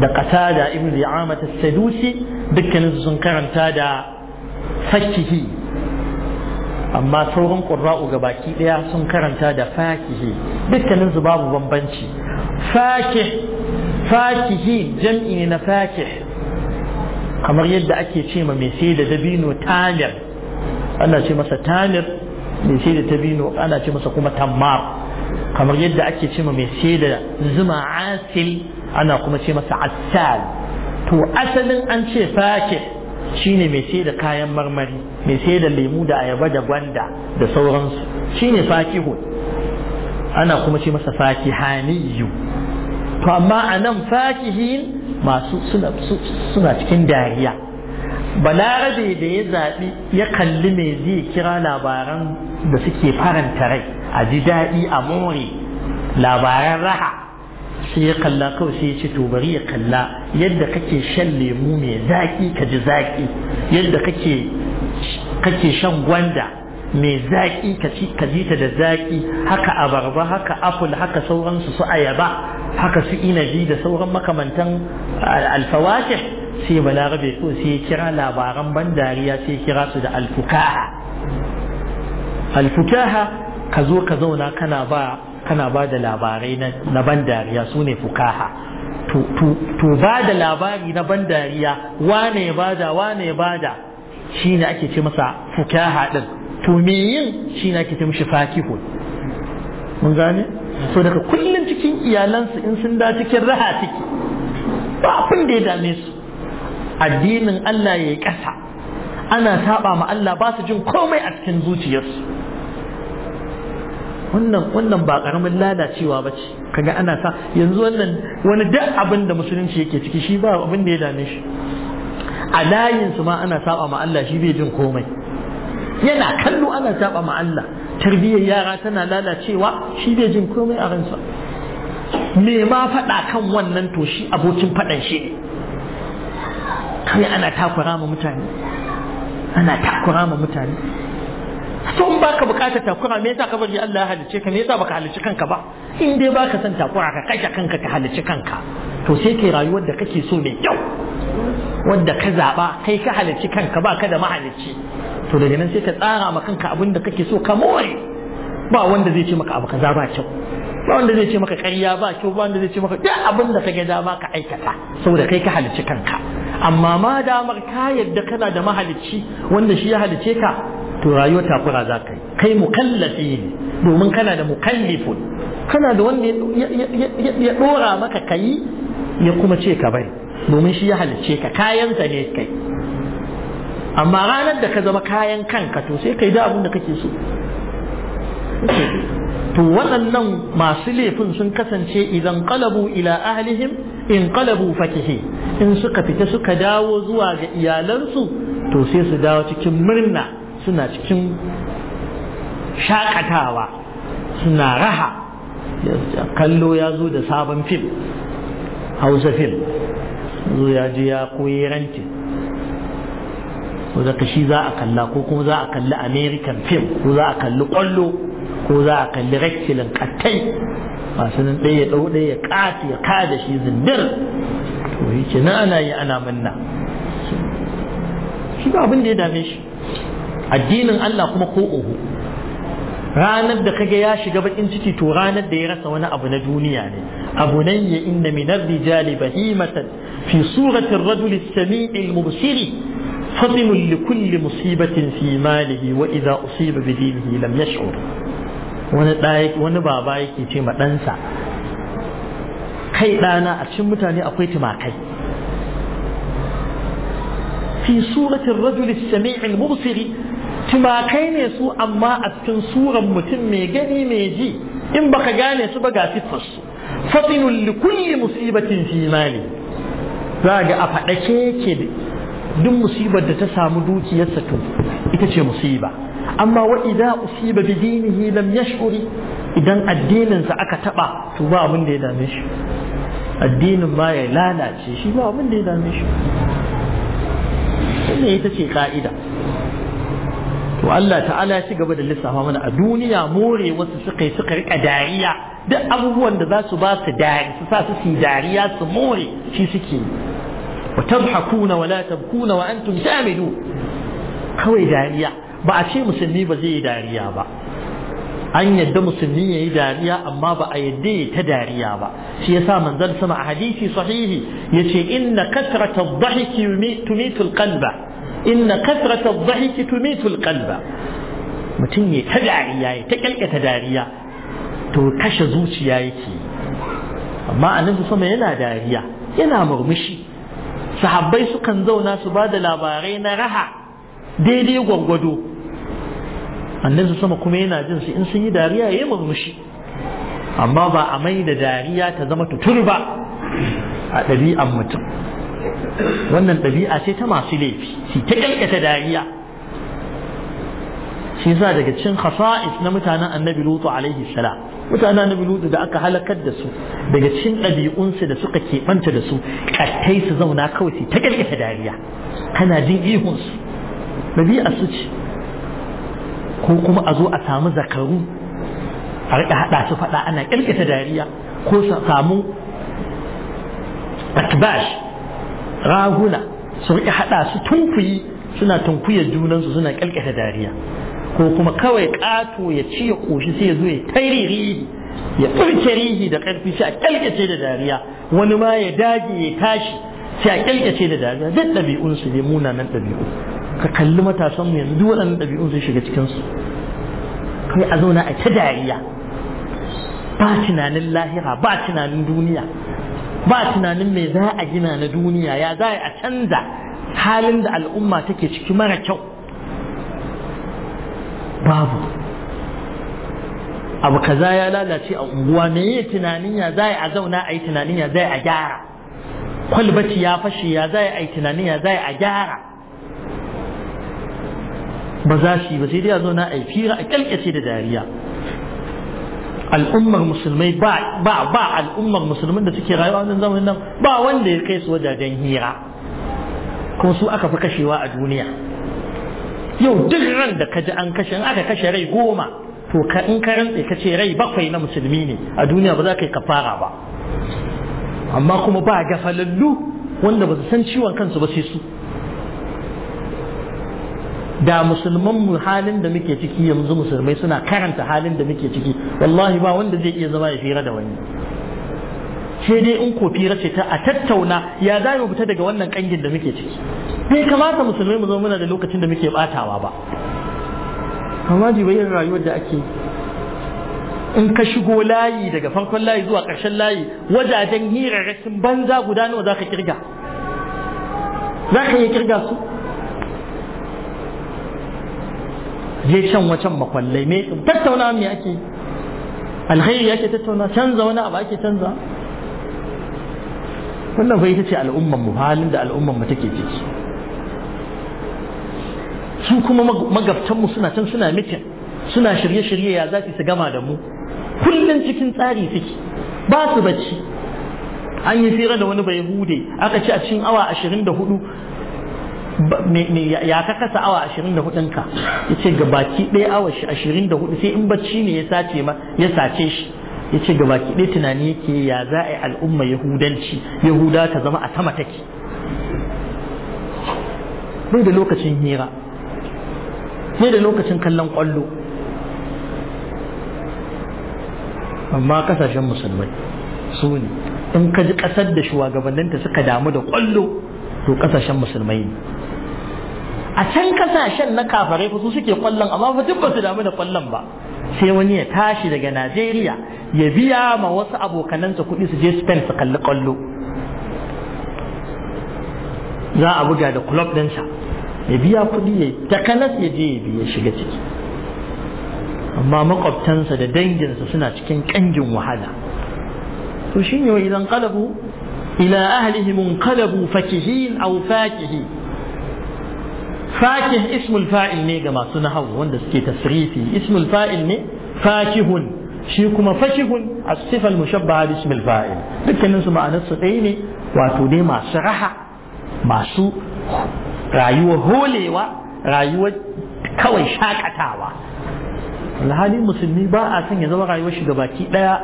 da qatada ibn di'amat as-sadusi dukkanin sun karanta da fakihi amma sauran ƙurra'u ga baki ɗaya sun karanta da fakihi dukkanin su babu bambanci fakih fakihi jam'i ne na fakih kamar yadda ake ce ma mai sai da dabino tanir, ana ce masa tanir, mai sai da dabino ana ce masa kuma tammar kamar yadda ake ce ma mai sai da zuma asil ana kuma ce masa asal to asalin an ce fakih shine mai sai da kayan marmari mai sai da lemu da ayaba da gwanda da sauransu shine fakihun ana kuma ce masa fakihaniyu to amma a nan fakihin masu suna cikin dariya balarabe da ya zaɓi ya kalli mai zai kira labaran da suke faranta rai a ji daɗi a more labaran raha sai ya kalla kawai sai ya ce to bari ya kalla yadda kake shan lemu mai zaki ka ji zaki yadda kake kake shan gwanda mai zaki ka ji ta da zaki haka abarba haka apple haka sauransu su ayaba haka su inabi da sauran makamantan alfawatih sai balarabe ko sai ya kira labaran ban dariya sai ya kira su da alfukaha alfukaha ka zo ka zauna kana ba kana ba da labarai na ban dariya su ne fukaha to ba da labari na ban dariya wane ya bada wane ya bada shi ne ake ce masa fukaha din? to me yin shi ne ake ce mishi fakihun mun gane so daga kullum cikin iyalansu in sun da cikin raha ciki ba abin da ya dame su addinin Allah ya yi ƙasa ana saba ma Allah ba su jin komai a cikin zuciyarsu wannan wannan ba karamin lalacewa ba ce kaga ana sa yanzu wannan wani duk abin da musulunci yake ciki shi ba abin da ya dame shi a layinsu ma ana saba ma Allah shi bai jin komai yana kallo ana saba ma Allah tarbiyyar yara tana lalacewa shi bai jin komai a ransa me ma faɗa kan wannan to shi abokin faɗan shi ne kai ana takura ma mutane ana takura ma mutane son ba baka bukata takura me yasa ka bari Allah ya halice ka me yasa baka halice kanka ba in dai baka son takura ka kashe kanka ka halice kanka to sai kai rayuwar da kake so mai kyau wanda ka zaba kai ka halice kanka ba ka da mahalicci to daga nan sai ka tsara ma kanka abin da kake so ka more ba wanda zai ce maka abu kaza ba kyau ba wanda zai ce maka ƙarya ba kyau ba wanda zai ce maka duk abin da kage dama ka aikata saboda kai ka halicci kanka amma ma damar ka yadda kana da mahalicci wanda shi ya halice ka to rayuwar takura za ka yi kai mukallafi ne domin kana da mukallifun kana da wanda ya dora maka kai ya kuma ce ka bari domin shi ya halicce ka kayansa ne kai amma ranar da ka zama kayan kanka to sai kai da abin da kake so to waɗannan masu laifin sun kasance idan kalabu ila ahlihim in kalabu fakihi in suka fita suka dawo zuwa ga iyalansu to sai su dawo cikin murna suna cikin shakatawa suna raha kallo ya zo da sabon fil hausa fil zo ya ji ya koyi ko zaka shi za a kalla ko kuma za a kalli american film ko za a kalli kwallo ko za a kalli rektilin kattai masu nan ɗaya ya ɗau ɗaya ya ƙati ya da shi zindir to yi ce na ana yi ana manna shi ba abin da ya dame shi addinin Allah kuma ko uhu ranar da kage ya shiga bakin ciki to ranar da ya rasa wani abu na duniya ne abu nan ya inna min ar-rijali bahimatan fi surati ar-rajuli as-sami'i al-mubsiri fatin li kulli musibatin fi malihi wa idha usiba bi dinihi lam yash'ur wani dai wani baba yake ce ma ɗansa kai dana a cikin mutane akwai tumakai في سورة الرجل السميع المبصر tumakai ne su amma a cikin suran mutum mai gani mai ji in baka gane su ba ga siffarsu fatinun li kulli musibatin fi mali za ga a ke yake duk musibar da ta samu dukiyarsa to ita ce musiba amma wa idza usiba bi dinihi lam yash'uri idan addininsa aka taba to ba abin da ya dame shi addinin ma ya lalace shi ba abin da ya dame shi wannan ita ce ka'ida to Allah ta'ala ya ci gaba da lissafa mana a duniya more wasu suka yi suka rika dariya duk abubuwan da za su ba su dari su sa su su dariya su more shi suke wa tadhakuna wa la tabkuna wa antum shamidu kawai dariya ba a ce musulmi ba zai yi dariya ba an yadda musulmi ya yi dariya amma ba a yadda ya ta dariya ba shi ya sa manzan sama a hadisi sahihi ya ce inna kasrata dhahiki tumitul qalba inna kasrata dhahiki tumitu alqalba mutum ya ta dariya ya ta kyalkata dariya to kashe zuciya yake amma annabi sama yana dariya yana murmushi sahabbai sukan zauna su ba da labarai na raha daidai gwangwado annabi sama kuma yana jin su in sun yi dariya ya murmushi amma ba a mai da dariya ta zama tutur ba a ɗabi'an mutum wannan ɗabi'a ce ta masu laifi su ta ƙyanƙyata dariya shi sa daga cin khasa'is na mutanen annabi lutu alaihi salam mutanen annabi lutu da aka halakar da su daga cin ɗabi'unsu da suka ke keɓanta da su kattai su zauna kawai su ta ƙyanƙyata dariya kana jin ihunsu ɗabi'a su ce ko kuma a zo a samu zakaru a riƙa haɗa su faɗa ana ƙyanƙyata dariya ko samu atbash raguna su ki hada su tunkuyi suna tunkuyar junansu suna kalkata dariya ko kuma kawai kato ya ci ya koshi sai ya zo ya tairiri ya ɗauke rihi da ƙarfi sai a kyalkace da dariya wani ma ya dage ya tashi sai a kyalkace da dariya duk ɗabi'un su munanan ɗabi'u ka kalli matasan mu yanzu duk waɗannan ɗabi'un sun shiga cikin su kai a zauna a ta dariya ba tunanin lahira ba tunanin duniya ba tunanin me za a gina na duniya ya za a canza halin da al'umma take ciki mara kyau babu abu kaza ya lalace a unguwa me yi tunanin ya za a zauna a yi tunanin ya za a gyara kwalbati ya fashe ya za a yi tunanin ya za a gyara ba za shi ba sai dai a zauna a yi fira a kyalkyace da dariya al'ummar musulmai ba ba al'ummar musulmin da suke rayuwa nan zamanin nan ba wanda ya kai su wajajen hira kuma su aka fi kashewa a duniya yau duk ran da ka ji an kashe in aka kashe rai goma to ka in ka rantse ka ce rai bakwai na musulmi ne a duniya ba za ka yi kafara ba amma kuma ba gafalallu wanda ba su san ciwon kansu ba sai su da musulman mu halin da muke ciki yanzu musulmai suna karanta halin da muke ciki wallahi ba wanda zai iya zama ya fira da wani sai dai in ko fira ce ta a tattauna ya za mu fita daga wannan kangin da muke ciki bai kamata musulmai mu zo muna da lokacin da muke batawa ba amma jibayin rayuwar da ake in ka shigo layi daga farkon layi zuwa karshen layi wajajen hirarrakin banza guda nawa za ka kirga za ka iya kirga su je can wacan makwallai me tattauna me ake alkhairi yake tattauna canza wani abu ake canza wannan fa ita ce al'umman mu halin da al'umman mu take ciki su kuma magabtan mu suna can suna mitin suna shirye-shirye ya za su gama da mu kullum cikin tsari suke ba su bacci an yi fira da wani bai hude aka ci a cikin awa ashirin da hudu. ya ka kasa awa ashirin hudun ka ya ce ga baki ɗaya awa shi hudu sai in bacci ne ya sace ma ya sace shi ya ce ga baki ɗaya tunani yake ya za a yi al'umma yahudanci yahuda ta zama a sama take bai da lokacin hira bai da lokacin kallon ƙwallo amma kasashen musulmai su ne in ka ji ƙasar da shugabanninta suka damu da ƙwallo to kasashen musulmai ne a can kasashen na kafarai fa su suke kwallon amma fa duk ba su damu da kwallon ba sai wani ya tashi daga Najeriya ya biya ma wasu abokanansa kuɗi su je Spain su kalli kwallo za a buga da club ɗinsa ya biya kuɗi ya takanas ya je ya biya shiga ciki amma makwabtansa da danginsa suna cikin ƙangin wahala to shine wa idan qalabu ila ahlihim munqalabu fakihin aw fakihin fakih ismul fa'il ne ga masu nahawu wanda suke tasrifi ismul fa'il ne fakihun shi kuma fakihun as-sifa al-mushabbaha bi ismil fa'il dukkanin su ma'anar su ɗaya ne wato dai masu raha masu rayuwar holewa rayuwar kawai shakatawa alhali musulmi ba a son ya zama rayuwar shi gabaki ɗaya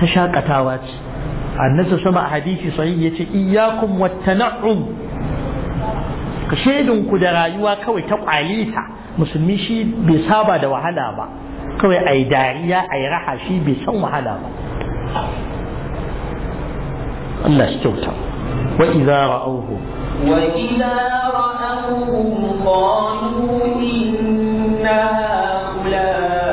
ta shakatawa ce annabi sama a hadisi sahihi yace iyyakum wat tan'um ka ku da rayuwa kawai ta kwalita musulmi shi bai saba da wahala ba kawai ai dariya ai raha shi bai san wahala ba Allah shi kyauta wa idza ra'awhu wa idza ra'awhu qalu inna ulai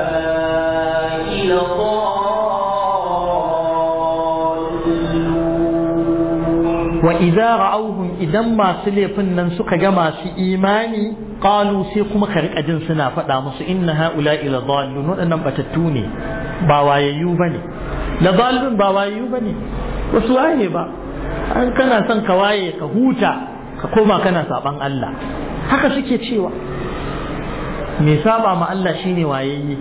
رأوه idan masu laifin nan suka ga masu imani qalu sai kuma ka rika jin suna faɗa musu inna haula ila dhallun wadannan batattu ne ba wayayyu bane la dhallun ba wayayyu bane wasu waye ba an kana son ka waye ka huta ka koma kana saban Allah haka suke cewa me saba ma Allah shine wayayye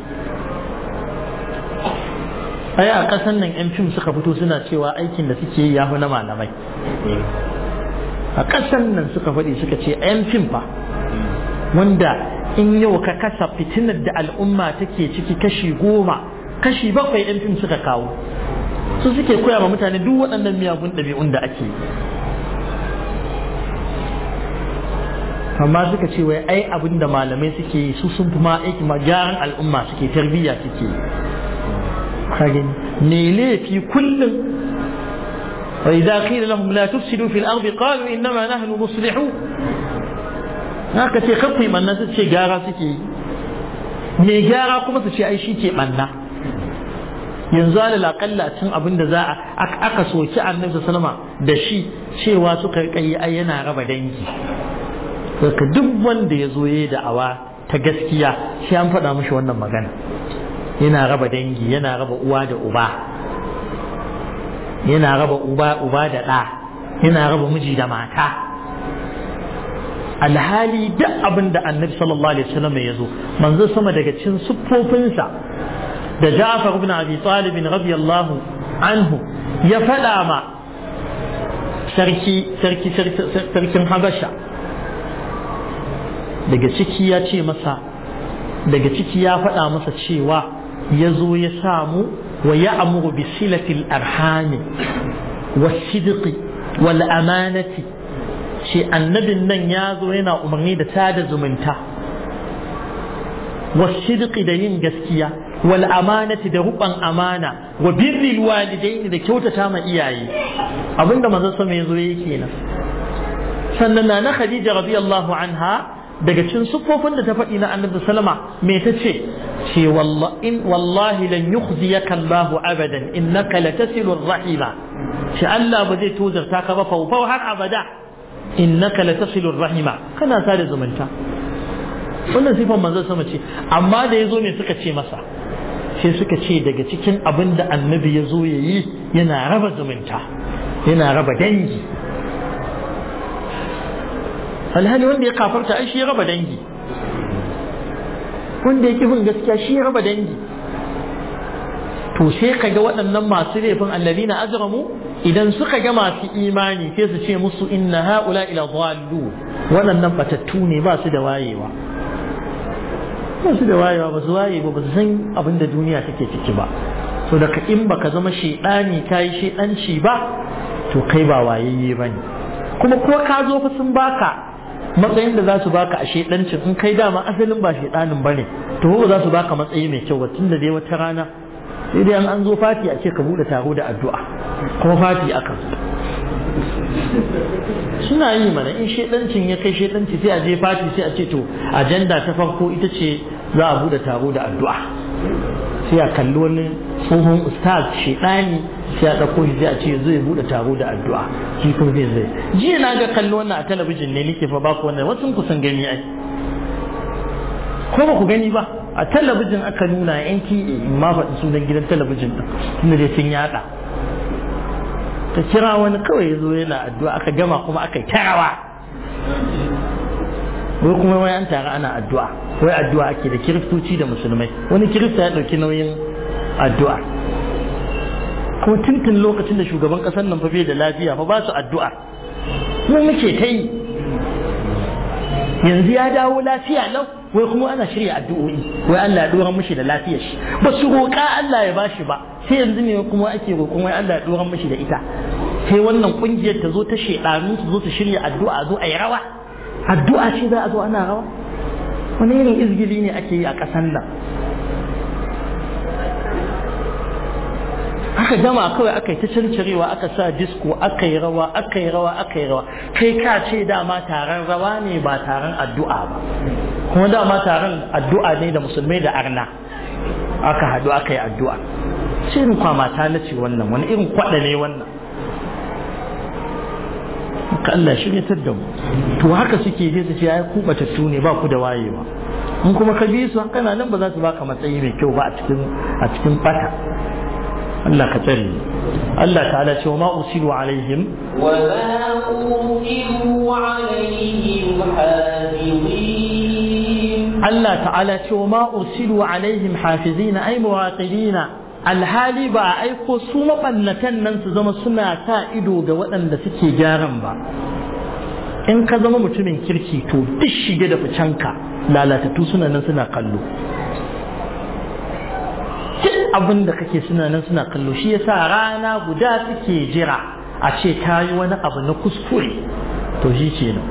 ai a nan 'yan fim suka fito suna cewa aikin da suke yi yafi na malamai a ƙasar nan suka faɗi suka ce yan fa wanda in yau ka kasa fitinar da al'umma take ciki kashi goma kashi bakwai yan suka kawo su suke koya ma mutane duk waɗannan miyagun ɗabi'un da ake amma suka ce wai ai abin da malamai suke yi su sun fi ma aiki ma gyaran al'umma suke tarbiyya suke ka gani me laifi kullum وإذا قيل لهم لا تفسدوا في الأرض قالوا إنما نحن مصلحون haka ce kan manna su ce gyara suke yi mai gyara kuma su ce ai shi ke banna? yanzu alal akalla cin abin da za a aka soki annabi sallama da shi cewa suka kai ai yana raba dangi daga duk wanda ya zo yayi da'awa ta gaskiya sai an faɗa mashi wannan magana yana raba dangi yana raba uwa da uba yana raba uba uba da ɗa yana raba miji da mata alhali duk abin da annabi sallallahu alaihi wasallam ya zo manzo sama daga cikin siffofinsa da Ja'far ibn Abi Talib radiyallahu anhu ya faɗa ma sarki sarki sarkin Habasha daga ciki ya ce masa daga ciki ya faɗa masa cewa ya zo ya samu ويأمر بصلة الأرحام والصدق والأمانة شيء النبي من يازونا أمرني تاد زمنتا والصدق دين جسكية والأمانة دربا أمانة وبر الوالدين دكوتة تام إياي أبن ما زلت من يزوي كينا سننا خديجة رضي الله عنها daga cin sufofin da ta faɗi na annabi salama me ta ce ce wallahi lan yukhziyaka Allahu abadan innaka latasilu rahima ce Allah ba zai tozarta ka ba faufau har abada innaka latasilu rahima kana da zumunta wannan sifan manzon sama ce amma da yazo me suka ce masa sai suka ce daga cikin abin da annabi ya zo ya yi yana raba zumunta yana raba dangi alhali wanda ya kafarta ai shi ya raba dangi wanda ya kifin gaskiya shi ya raba dangi to sai ka ga waɗannan masu laifin allazina ajramu idan suka ga masu imani sai su ce musu inna haula ila dhallu waɗannan batattu ne ba su da wayewa ba su da wayewa ba su waye ba su san abin da duniya take ciki ba to daga in baka zama shedani kayi shedanci ba to kai ba wayayye bane kuma ko ka zo fa sun baka matsayin da za su baka a shedancin in kai dama asalin ba shedanin bane to ba za su baka matsayi mai kyau tun da dai wata rana sai dai an zo fati a ce ka bude taro da addu'a kuma fati aka. suna yi mana in shedancin ya kai shedanci sai a je fati sai a ce to ajanda ta farko ita ce za a bude taro da addu'a sai a kalli wani tsohon ustaz shaidani sai a ɗauko shi sai a ce zai buɗe taro da addu'a shi ko zai zai jiya na ga kalli wannan a talabijin ne nake fa ba ku wannan wasu ku san gani ai ko ba ku gani ba a talabijin aka nuna NTA in ma faɗi sunan gidan talabijin ɗin tunda dai sun yaɗa ta kira wani kawai ya zo yana addu'a aka gama kuma aka yi wai kuma wai an tare ana addu'a wai addu'a ake da kiristoci da musulmai wani kirista ya ɗauki nauyin addu'a ko tuntun lokacin da shugaban ƙasar nan fa bai da lafiya fa ba su addu'a mu muke ta yi yanzu ya dawo lafiya lau wai kuma ana shirya addu'o'i wai Allah ya dora mishi da lafiyar shi ba su roƙa Allah ya bashi ba sai yanzu ne kuma ake roƙon wai Allah ya dora mishi da ita sai wannan kungiyar ta zo ta shedanu su zo su shirya addu'a zo a yi rawa addu'a ce za a zo ana rawa wani irin izgili ne ake yi a ƙasar nan aka gama kawai aka yi ta circirewa aka sa disko aka yi rawa aka yi rawa aka yi rawa kai ka ce dama taron rawa ne ba taron addu'a ba kuma dama taron addu'a ne da musulmai da arna aka haɗu aka yi addu'a Sai irin kwamata na ce wannan wani irin kwaɗa ne wannan haka Allah shirya da mu to haka suke je su ce ai ku batattu ne ba ku da wayewa in kuma ka bi su kana nan ba za su baka matsayi mai kyau ba a cikin a cikin bata Allah ka tsare Allah ta'ala ce wa ma usilu alaihim wa ma usilu alaihim hafizin Allah ta'ala ce wa ma usilu alaihim hafizin ay muwaqidina alhali ba a aiko su maballatan nan su zama suna sa ido ga waɗanda suke gyaran ba in ka zama mutumin kirki to duk shige da ficenka lalatattu suna nan suna kallo duk abin da kake suna nan suna kallo shi yasa rana guda suke jira a ce ta yi wani abu na kuskure to shi ke nan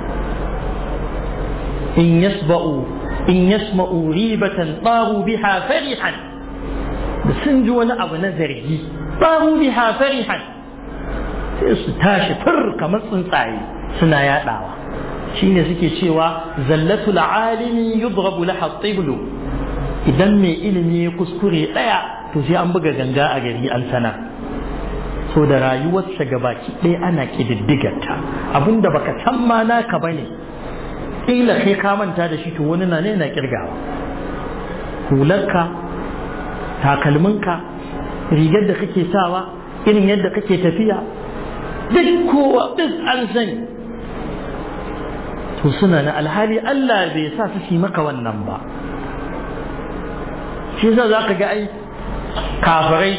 in yasba'u in yasma'u ribatan taru biha farihan da sun ji wani abu na zargi bahu biha farihan sai su tashi fir kamar tsuntsaye suna yadawa shine suke cewa zallatul alimi yudrabu la tiblu idan mai ilimi ya kuskure daya to sai an buga ganga a gari an sana so da rayuwarsa gabaki ɗaya ana ƙididdigarta abinda baka san ma naka bane ƙila kai ka manta da shi to wani na ne na kirgawa hularka takalminka rigar da kake sawa irin yadda kake tafiya duk kowa duk an sani to suna na alhali Allah bai sa su yi maka wannan ba shi za za ka ga ai kafirai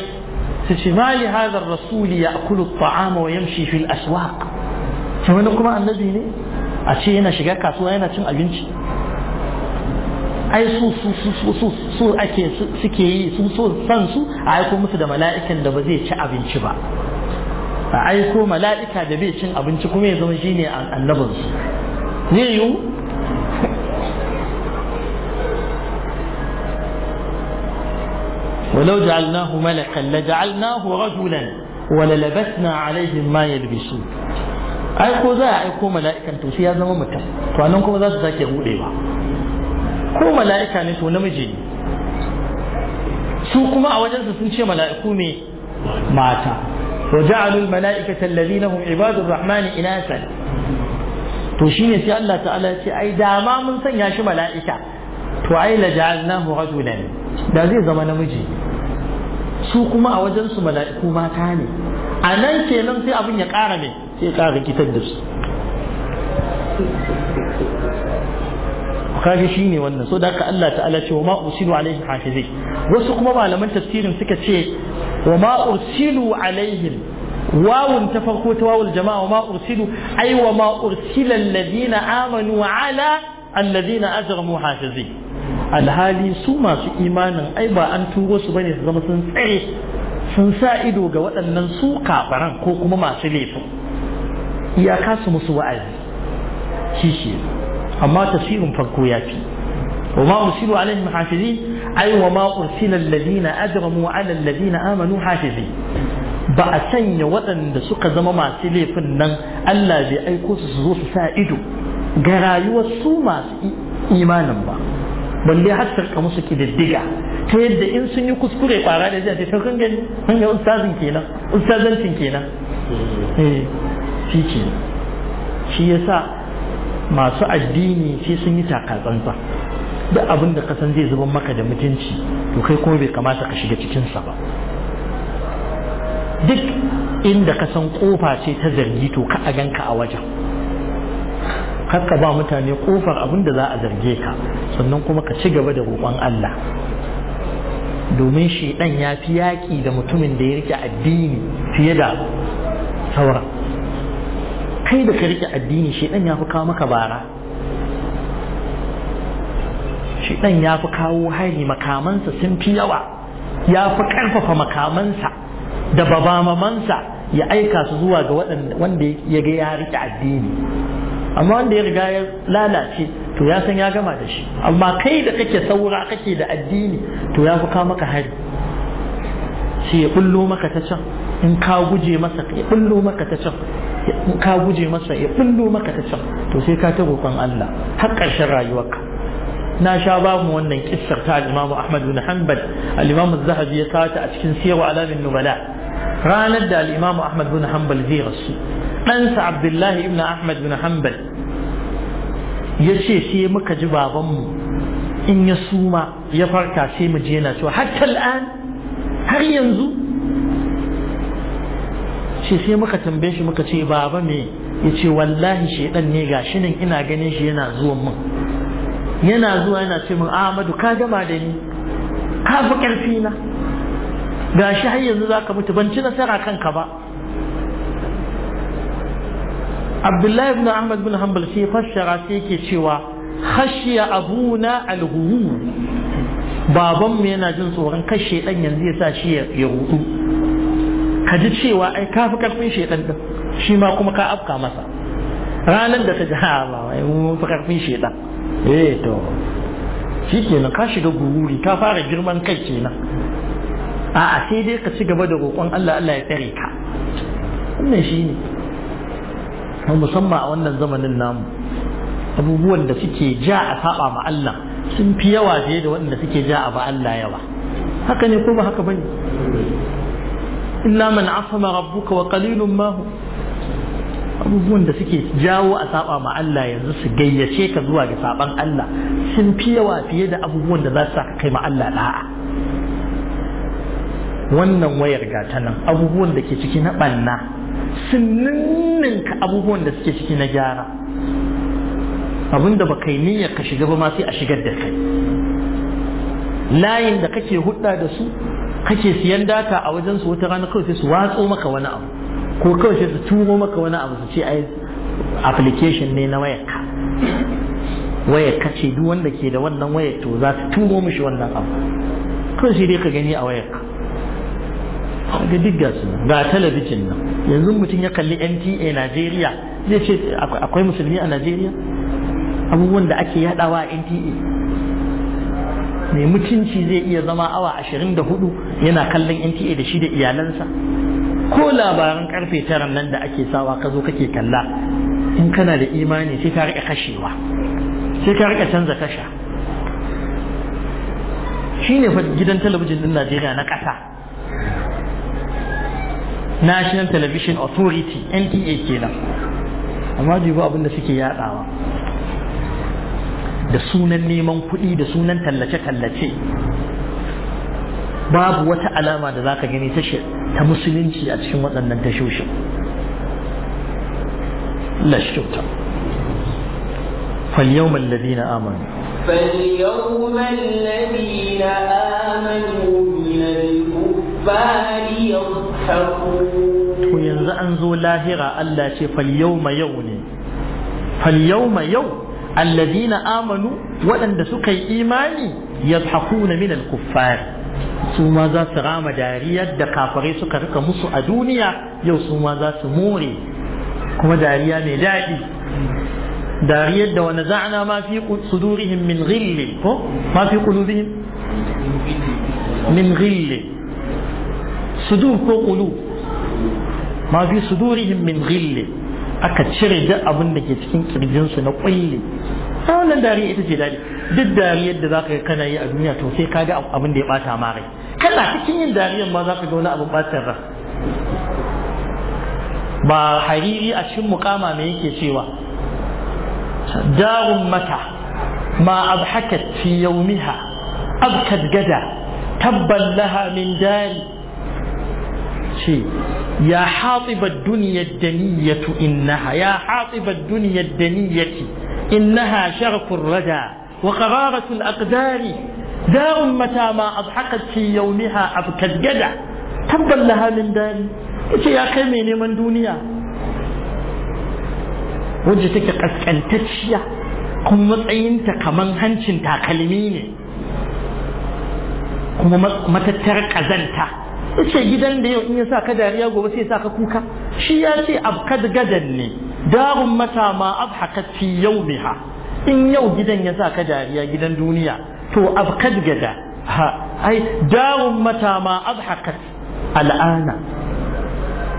su ce ma li rasuli ya akulu ta'ama wa yamshi fil aswaq wani kuma annabi ne a ce yana shiga kasuwa yana cin abinci ai su su su su su ake suke yi su so san su a aiko musu da mala'ikan da ba zai ci abinci ba a aiko mala'ika da bai cin abinci kuma ya zama shine annabinsu zai yiwu ولو جعلناه ملكا لجعلناه رجلا وللبسنا عليهم ما يلبسون ai ko za a aiko mala'ikan to sai ya zama mutum to anan kuma za su sake rudewa ko mala'ika ne to namiji ne su kuma a wajensu sun ce mala'iku ne mata wa ja'alul mala'ikata allazina hum ibadur rahmani inasan to shine sai Allah ta'ala ya ce ai da ma mun sanya shi mala'ika to ai la ja'alnahu rajulan da zai zama namiji su kuma a wajensu mala'iku mata ne a nan kenan sai abin ya ƙara ne sai ya ƙara rikitar da su to kaga shine wannan so da Allah ta'ala ce wa ma ursilu alaihim hafizin wasu kuma malaman tafsirin suka ce wa ma ursilu alaihim wawun ta farko ta wawul jama'a wa ma ursilu ai wa ma ursila alladhina amanu ala alladhina ajramu hafizin alhali su masu imanin ai ba an turo su bane su zama sun tsare sun sa ido ga waɗannan su kafaran ko kuma masu laifin iyaka su musu wa'azi shi amma tasirin farko ya ci. wa ma ursilu alaihim hafizin ai wa ma ursila alladhina ajramu ala alladhina amanu hafizin ba a sanya waɗanda suka zama masu laifin nan Allah bai aiko su su zo su sa ido ga rayuwarsu su masu imanin ba balle har sarka musu kididdiga ta yadda in sun yi kuskure kwara da zai ta kun gani kun ga ustazin kenan ustazancin kenan hmm. eh shi kenan shi masu addini sai sun yi takatsantsa duk abin da kasan zai zuba maka da mutunci to kai kuma bai kamata ka shiga cikin sa ba duk inda ka san kofa ce ta zargi to ka a ganka a wajen ka ba mutane kofar abin da za a zarge ka sannan kuma ka ci gaba da roƙon Allah domin shi ɗan ya fi yaƙi da mutumin da ya rike addini fiye da sauran kai da ka rike addini shedan ya fi kawo maka bara shedan ya fi kawo hari makamansa sun fi yawa ya fi karfafa makamansa da babamamansa ya aika su zuwa ga wanda ya ga ya rike addini amma wanda ya riga ya lalace to ya san ya gama da shi amma kai da kake saura kake da addini to ya fi kawo maka hari sai ya bullo maka ta can in ka guje masa ya bullo maka ta can ka guje masa ya bullo maka ta can to sai ka ta roƙon Allah har ƙarshen rayuwarka na sha ba mu wannan kissar ta al-Imam Ahmad bin Hanbal al-Imam zahabi ya kawo a cikin Siyar Alamin Nubala ranar da al-Imam Ahmad bin Hanbal zai rasu ɗansa Abdullahi ibn Ahmad bin Hanbal ya ce sai muka ji babanmu in ya suma ya farka sai mu je na cewa hatta har yanzu ce sai muka tambaye shi muka ce baba me ya ce wallahi shaidan ne ga shi nan ina ganin shi yana zuwa min yana zuwa yana ce min ahmadu ka gama da ni ka fi ƙarfi na ga shi har yanzu za ka mutu ban ci nasara kanka ba abdullahi ibn ahmad bin hanbal sai fassara sai yake cewa khashiya abuna baban babanmu yana jin tsoron kashe dan yanzu ya sa shi ya rudu ka ji cewa ai ka fi karfin shaitan din shi ma kuma ka afka masa ranar da ta ji ha ba wai mun fi karfin shaitan eh to shi kenan ka shiga gururi ka fara girman kai kenan a'a sai dai ka ci gaba da roƙon Allah Allah ya tsare ka wannan shi ne musamman a wannan zamanin namu abubuwan da suke ja a saba ma Allah sun fi yawa fiye da waɗanda suke ja a ba Allah yawa haka ne ko ba haka bane illa man afama rabbuka wa qalilun ma hum abubuwan da suke jawo a saba ma Allah yanzu su gayyace ka zuwa ga saban Allah sun fi yawa fiye da abubuwan da za su saka kai ma Allah da'a wannan wayar gata nan abubuwan da ke ciki na banna sun ninninka abubuwan da suke ciki na gyara da baka yi niyyar ka shiga ba ma sai a shigar da kai layin da kake hudda da su kake siyan data a wajen su wata rana kawai sai su watso maka wani abu ko kawai sai su turo maka wani abu su ce ai application ne na wayarka wayar ka ce duk wanda ke da wannan wayar to za ta turo mishi wannan abu kawai sai dai ka gani a wayarka ga duk ga su ga talabijin nan yanzu mutum ya kalli NTA Najeriya zai ce akwai musulmi a Najeriya abubuwan da ake yadawa a NTA mai mutunci zai iya zama awa ashirin da hudu yana kallon nta da shi da iyalansa ko labaran karfe taran nan da ake sawa ka zo kake kalla in kana da imani sai ka rika kashewa sai ka rika canza tasha shine fa gidan talabijin din Najeriya na kasa National Television Authority NTA kenan amma jibo abin da suke yadawa da sunan neman kuɗi da sunan tallace-tallace babu wata alama da za ka gani ta musulunci a cikin waɗannan tashoshin lashtuta فاليوم الذين آمنوا فاليوم الذين آمنوا من الكفار يضحكون وينزع أنزو لاهرة ألا شيء فاليوم يوم فاليوم يوم alladina amanu waɗanda suka yi imani yadhakuna min al-kuffar su ma za su rama dariyar da kafare suka rika musu a duniya yau su za su more kuma dariya mai daɗi dariyar da wani za'ana ma fi sudurihim min ghilli min ko min aka cire duk abin da ke cikin kirjinsu na kulli a ah, wannan dariya ita ce dadi duk dariyar da zaka ga kana yi a duniya to sai ka ga abin da ya bata ma rai kana cikin yin dariyar ma zaka ga wani abin batar rai ba hariri a cikin mukama me yake cewa darun mata ma abhakat fi yawmiha abkat gada tabban laha min dari ce ya haɗibar duniyar da niyyatu innaha ya haɗibar duniyar da niyyati innaha sharfin raja wa ƙararatun aqdari da'un mata ma abhaqati yawmiha abkadgada tabbal la halin dani yace ya kai mai neman duniya wuce take kaskantacciya kuma matsayin ta kamar hancin takalmi ne kuma matattar ƙazanta. ce gidan da yau in ya sa ka dariya gobe sai ya sa ka kuka shi ya ce abkad gadan ne darun mata ma abhakat fi yawmiha in yau gidan ya sa ka dariya gidan duniya to abkad gada ha ai darun mata ma abhakat al'ana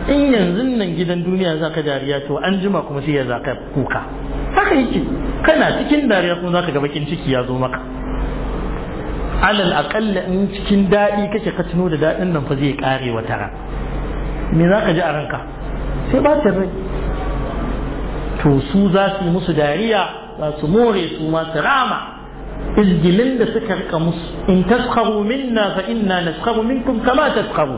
in yanzu nan gidan duniya za ka dariya to an jima kuma sai ya za ka kuka haka yake kana cikin dariya kuma za ka ga bakin ciki ya zo maka alal aƙalla in cikin daɗi kake ka tuno da daɗin nan fa zai ƙare wata ran me za ka ji a ranka sai bacin rai to su za su yi musu dariya za su more su masu rama izgilin da suka rika musu in taskaru minna fa inna naskaru minkum kama taskaru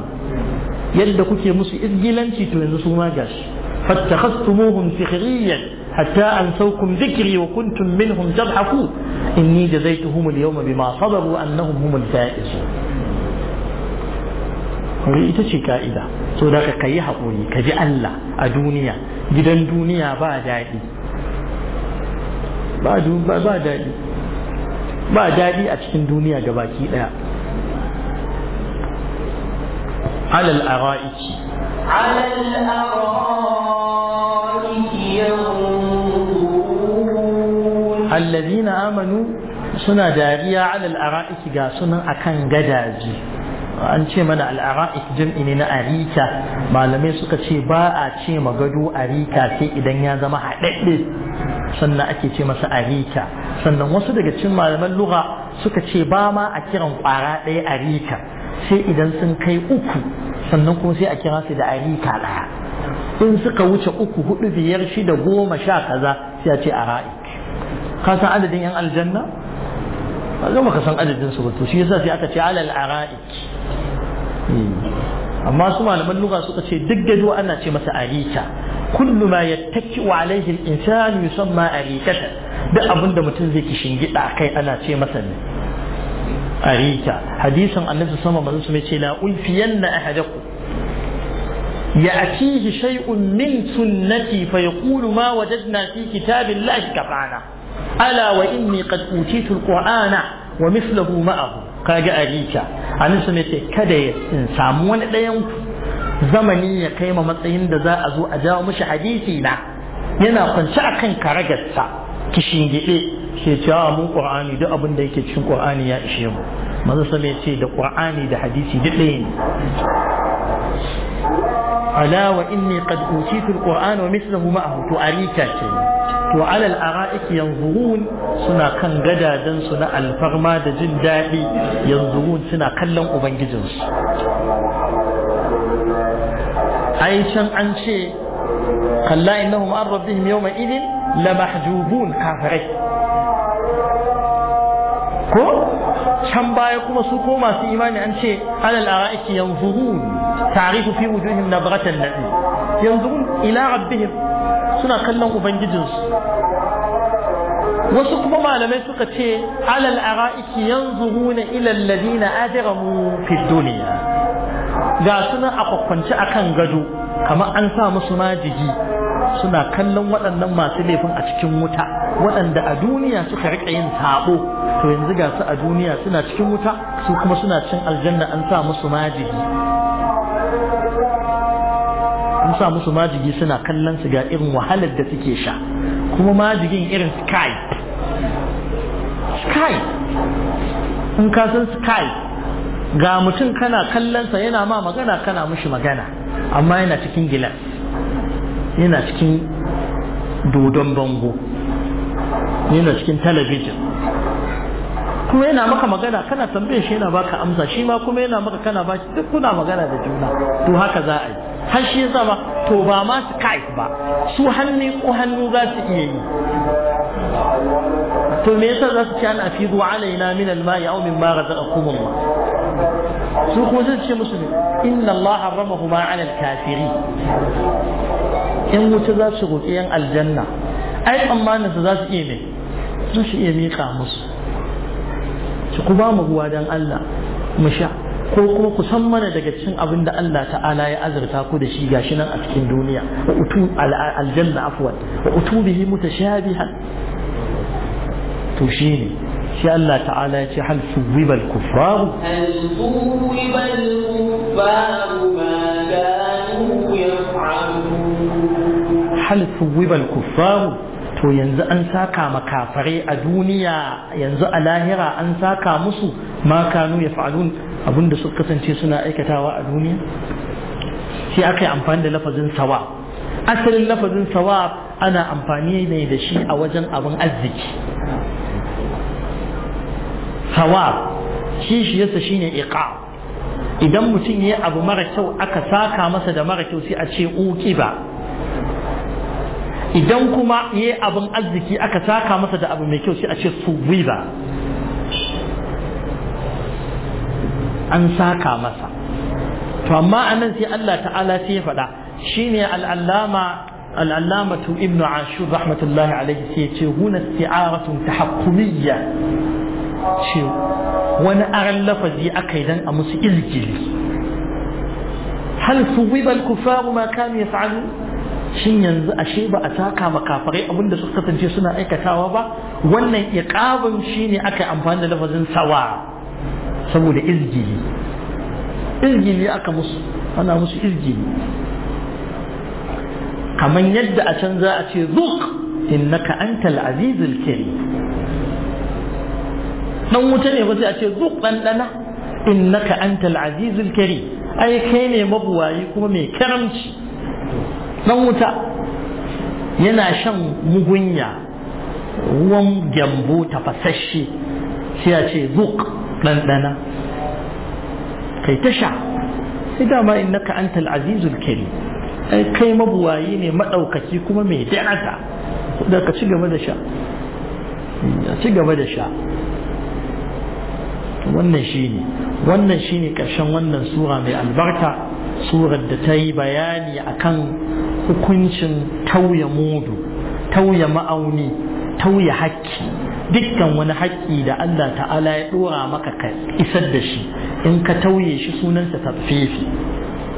yadda kuke musu izgilanci to yanzu su ma gashi fattakhastumuhum sikhriyan حتى أنسوكم ذكري وكنتم منهم تضحكون إني جزيتهم اليوم بما صبروا أنهم هم الفائزون wani ita ce ka'ida so da ka yi haƙuri ka ji Allah a duniya gidan duniya ba daɗi ba daɗi ba daɗi a cikin duniya ga baki ɗaya alal ara'iki alal ara'iki allazina amanu suna dariya alal ara'iki ga sunan akan gadaji an ce mana al'ara'ik jam'i ne na arika malamai suka ce ba a ce magado arika sai idan ya zama haɗaɗɗe sannan ake ce masa arika sannan wasu daga cikin malaman lura suka ce ba ma a kiran ƙwara ɗaya arika sai idan sun kai uku sannan kuma sai a kira su da arika ɗaya in suka wuce uku hudu biyar shida goma sha kaza sai a ce ara'ik ka san adadin yan aljanna ba zama ka san adadin su ba to shi yasa sai aka ce alal ara'ik hmm. amma su malaman lugha suka ce duk gado ana ce masa arika kullu ma yattaki wa alaihi al-insanu yusamma arikatan duk abinda mutum zai ki gida kai ana ce masa ne arika hadisin annabi sama manzo su ce la ulfiyanna ahadakum shai'un شيء من سنتي فيقول ما وجدنا في كتاب الله كفانا ألا وإني قد أوتيت القرآن ومثله معه kaga a rika annabi sun ce kada ya samu wani ɗayan zamani ya kai ma matsayin da za zo a jawo mashi hadisi na yana kwance akan karagarsa kishin gide ke cewa qur'ani duk abin yake cikin qur'ani ya ishe mu manzo sun ce da qur'ani da hadisi ne ala wa inni wa ce وعلى الأرائك ينظرون سنا كان غدا دن سنا الفرما دا جن دادي ينظرون سنا كلم أبنجزنس عيشان عن شيء كلا إنهم عن ربهم يومئذ لمحجوبون كافرين ko can baya kuma su ko masu imani an ce alal ara'iki yanzurun ta'rifu fi wujuhim nadratan nabi yanzurun ila rabbihim suna kallon ubangijinsu wasu kuma malamai suka ce alal ara'iki yanzuruna na alladhina ajramu fi dunya ga suna a kan gado kamar an sa musu majigi suna kallon waɗannan masu laifin a cikin wuta waɗanda a duniya suka riƙa yin sabo to yanzu ga su a duniya suna cikin wuta su kuma suna cin aljanna an sa musu majigi sa musu majigi suna kallon su ga irin wahalar da suke sha kuma majigin irin sky sky in ka san sky ga mutum kana kallon sa yana ma magana kana mushi magana amma yana cikin gilas yana cikin dodon bango yana cikin talabijin kuma yana maka magana kana tambayar shi yana baka amsa shi ma kuma yana maka kana ba shi duk kuna magana da juna to haka za a yi har shi yasa ba to ba ma su kai ba su hannu ko hannu za su iya yi to me yasa za su ci an afidu alaina min alma'i aw mimma kuma Allah su kuma zai ce musu inna Allah huma ala kafiri. Yan wuta za su roƙi yan aljanna ai tsammanin su za su iya ne su shi iya miƙa musu ku ba mu ruwa dan Allah mu sha ko kuma ku san mana daga cikin abin da Allah ta'ala ya azurta ku da shi gashi nan a cikin duniya wa utu aljanna afwan wa utu bihi mutashabihan to shine shi Allah ta'ala ya ce hal suwibal kufar hal suwibal kufar ma kanu yaf'alun hal suwibal kufar to yanzu an saka makafare a duniya yanzu a lahira an saka musu ma kanu ya fa'alun abinda suka kasance suna aikatawa a duniya sai aka yi amfani da lafazin sawa asalin lafazin sawa ana amfani ne da shi a wajen abin arziki sawa shi shi yasa shine iqa idan mutum ya abu mara kyau aka saka masa da mara kyau sai a ce ba. idan kuma ya abin arziki aka saka masa da abu mai kyau sai a ce suwiba an saka masa to amma anan sai Allah ta'ala sai ya faɗa shine al'allama al'allamatu ibnu ashu rahmatullahi alaihi sai ce huna ce wani aran lafazi aka yi dan a musu izgili hal suwiba al-kufaru ma ya yaf'alun shin yanzu ashe ba a saka ma kafirai abinda suka kasance suna aikatawa ba wannan iqabun shine aka amfani da lafazin sawa saboda izgili izgili aka musu ana musu izgili kamar yadda a can za a ce zuk innaka antal azizul karim dan wuta ne ba sai a ce zuk dan dana innaka antal azizul karim ai kai ne mabuwayi kuma mai karamci dan wuta yana shan mugunya ruwan gyambo tafasashe sai ya ce zuk ɗanɗana kai ta sha sai dama innaka antal azizul karim ai kai mabuwayi ne maɗaukaki kuma mai da'ata da ka ci gaba da sha ci gaba da sha wannan shine wannan shine ƙarshen wannan sura mai albarka surar da ta yi bayani a kan hukuncin tauya mudu tauya ma'auni tauya hakki dukkan wani haƙƙi da Allah ta'ala ya ɗora maka ka isar da shi in ka tauye shi sunansa tafefi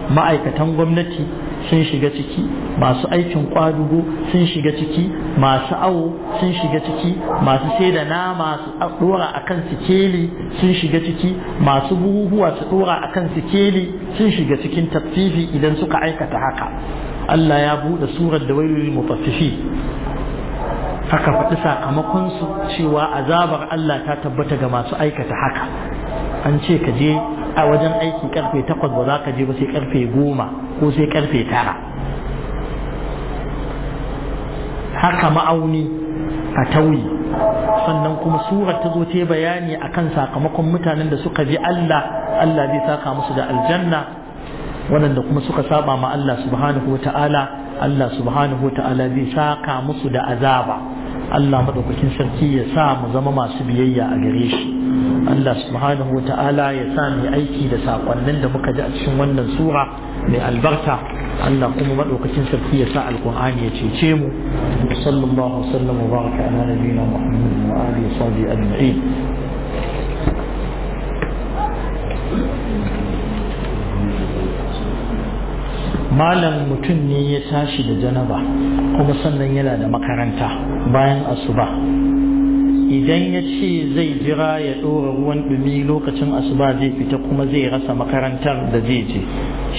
ma'aikatan gwamnati sun shiga ciki masu aikin ƙwadugo sun shiga ciki masu awo sun shiga ciki masu sai da nama su dora a kan sikeli sun shiga ciki masu buhuhuwa su dora a kan sikeli sun shiga cikin tafsifi idan suka aikata haka Allah ya buɗe surar da mu mutaffifi haka faɗi sakamakonsu cewa azabar Allah ta tabbata ga masu aikata haka an ce ka je a wajen aiki karfe takwas ba za ka je ba sai karfe goma ko sai karfe tara haka ma'auni a tauyi sannan kuma surar ta zo ta bayani akan sakamakon mutanen da suka bi Allah Allah zai saka musu da aljanna waɗanda kuma suka saba ma Allah subhanahu wa ta'ala Allah subhanahu wa ta'ala zai saka musu da azaba Allah maɗaukakin sarki ya sa mu zama masu biyayya a gare shi Allah subhanahu wa ta'ala ya sa mu aiki da saƙonnin da muka ji a cikin wannan sura mai albarka Allah kuma maɗaukacin sarki ya sa alƙur'ani ya cece mu sallallahu sallam wa baraka ala nabiyina muhammad wa ajma'in malam mutum ne ya tashi da janaba kuma sannan yana da makaranta bayan asuba idan ya ce zai jira ya ɗora ruwan ɗumi lokacin asuba zai fita kuma zai rasa makarantar da zai je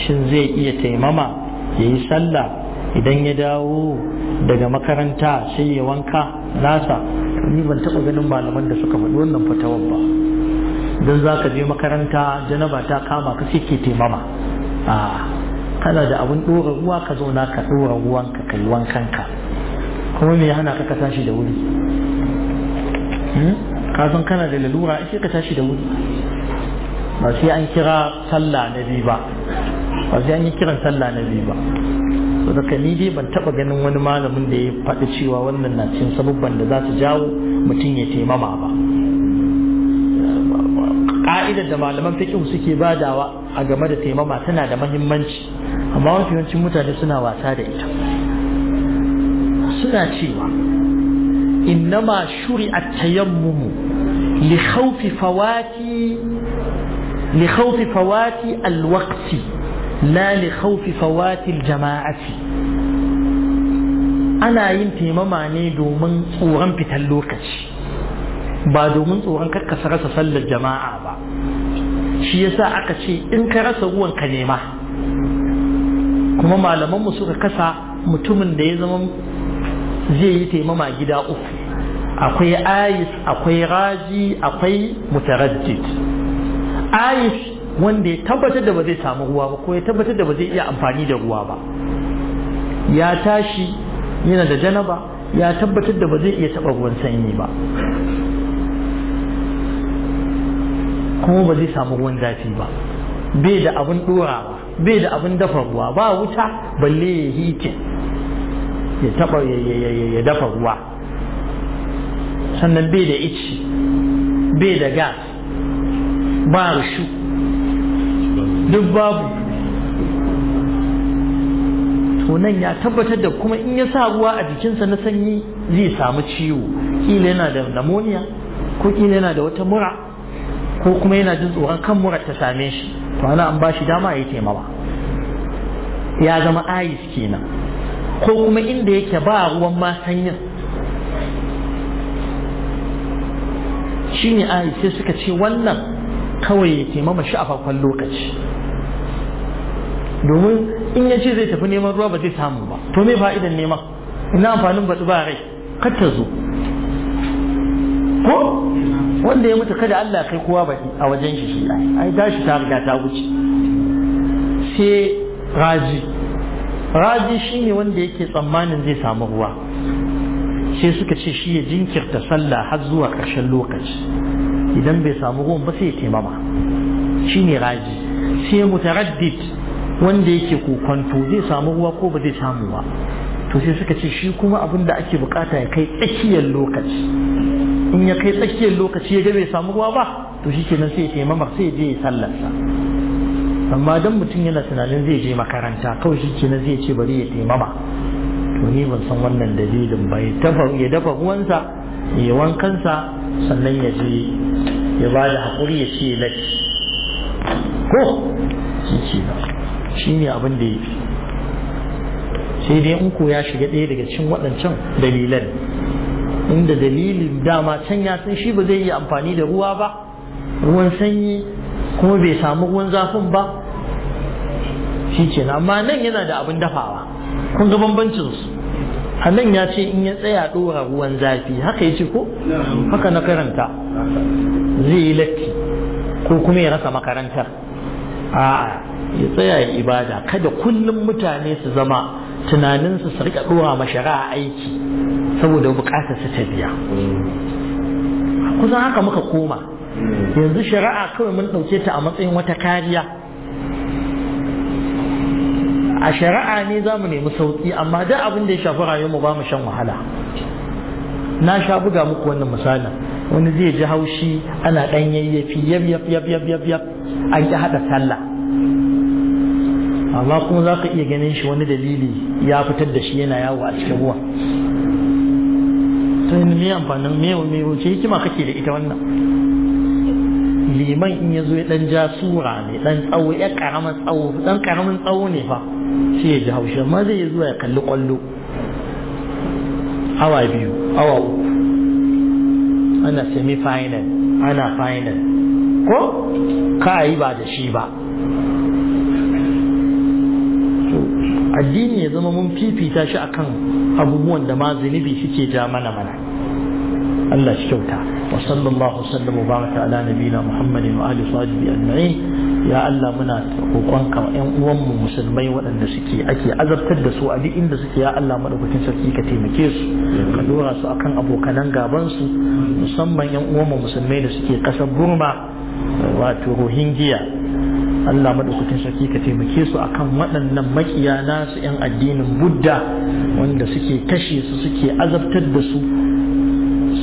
shin zai iya taimama ya yi sallah idan ya dawo daga makaranta sai ya wanka nasa ni ban taɓa ganin malaman da suka faɗi wannan fatawar ba don za ka je makaranta janaba ta kama ka sai ke taimama a kana da abin ɗora ruwa ka zauna ka ɗora ruwanka ka yi wankanka kuma me hana ka ka tashi da wuri Hmm? kafin kana da lalura sai ka tashi da wuri ba sai an kira sallah na biyu ba ba sai an yi kiran sallah na biyu ba da ni dai ban taba ganin wani malamin da ya faɗi cewa wannan na cikin sabubban da za su jawo mutum ya taimama ba ka'idar da malaman fiƙin suke badawa a game da taimama tana da mahimmanci amma mafi yawancin mutane suna wasa da ita suna cewa إنما شرع التيمم لخوف فوات لخوف فوات الوقت لا لخوف فوات الجماعة أنا ينتي مما نيدو من صورا بتلوكش ba domin tsoron kar rasa sallar jama'a ba shi yasa aka ce in ka rasa ruwan ka nema kuma malaman mu suka kasa mutumin da ya zama zai yi taimama gida uku akwai ayis akwai raji akwai mutaraddid ayis wanda ya tabbatar da ba zai samu ruwa ba ko ya tabbatar da ba zai iya amfani da ruwa ba ya tashi yana da janaba ya tabbatar da ba zai iya taɓa ruwan sanyi ba kuma ba zai samu ruwan zafi ba bai da abin ba bai da abin dafa ruwa ba wuta balle ya hike ya taɓa ya dafa ruwa sannan bai da ici bai da gas ba rushu duk babu tunan ya tabbatar da kuma in ya sa ruwa a jikinsa na sanyi zai samu ciwo kila yana da pneumonia ko kila yana da wata mura ko kuma yana jin tsoron kan mura ta same shi to ana an bashi dama ya yi ba ya zama ayis kenan ko kuma inda yake ba ruwan ma sanyin ne ayi sai suka ce wannan kawai ya ke mama shi a farkon lokaci domin in ya ce zai tafi neman ruwa ba zai samu ba to me fa'idan neman ina amfanin baɗi ba rai kar ta zo ko wanda ya mutu kada Allah kai kowa baki a wajen shi shi ai shi ta riga ta wuce sai raji raji shine wanda yake tsammanin zai samu ruwa sai suka ce shi ya jinkirta sallah har zuwa ƙarshen lokaci idan bai samu ruwan ba sai ya taimama shi ne raji sai mutaraddid wanda yake kokonto zai samu ruwa ko ba zai samu ba to sai suka ce shi kuma abin da ake bukata ya kai tsakiyar lokaci in ya kai tsakiyar lokaci ya ga bai samu ruwa ba to shi kenan sai ya taimama sai ya je ya sallarsa amma don mutum yana tunanin zai je makaranta kawai shi kenan zai ce bari ya taimama to ni ban san wannan dalilin ba ya dafa ruwansa ya wankansa sannan ya je ya ba da haƙuri ya ce lai ko shi ce ba shi ne abin da ya fi sai dai in koya shiga ɗaya daga cikin waɗancan dalilan inda dalilin dama can ya san shi ba zai yi amfani da ruwa ba ruwan sanyi kuma bai samu ruwan zafin ba shi ce amma nan yana da abin dafawa kun ga bambancin su nan ya ce in ya tsaya dora ruwan zafi haka ya ce ko haka na karanta zai yi latti ko kuma ya rasa makarantar a ya tsaya ya ibada kada kullum mutane su zama tunaninsu su rika dora mashara aiki saboda bukatar su ta biya kusan haka muka koma yanzu shari'a kawai mun ɗauke ta a matsayin wata kariya a shari'a ne za mu nemi sauƙi amma duk abin da ya shafi rayuwar mu ba mu shan wahala na sha buga muku wannan misalin wani zai ji haushi ana ɗan yayyafi yab yab yab yab yab an ki haɗa sallah amma kuma za ka iya ganin shi wani dalili ya fitar da shi yana yawo a cikin ruwa to yi me amfanin mewo mewo wuce hikima kake da ita wannan liman in ya zo ya dan ja sura ne dan tsawo ya ƙaramin tsawo dan karamin tsawo ne fa sai ya ji haushi amma zai ya ya kalli kwallo awa biyu awa uku ana semi final ana final ko ka ba da shi ba addini ya zama mun fifita shi akan abubuwan da ma zunubi suke ja mana mana Allah shi kyauta wa sallallahu sallama baraka ala nabiyina muhammadin wa ali sahbihi ajma'in ya Allah muna roƙonka ƴan mu musulmai waɗanda suke ake azabtar da su a duk inda suke ya Allah madaukakin sarki ka taimake su ka dora su akan abokanan gaban su musamman ƴan mu musulmai da suke ƙasar Burma wato Rohingya Allah madaukakin sarki ka taimake su akan waɗannan makiya nasu ƴan addinin Budda wanda suke kashe su suke azabtar da su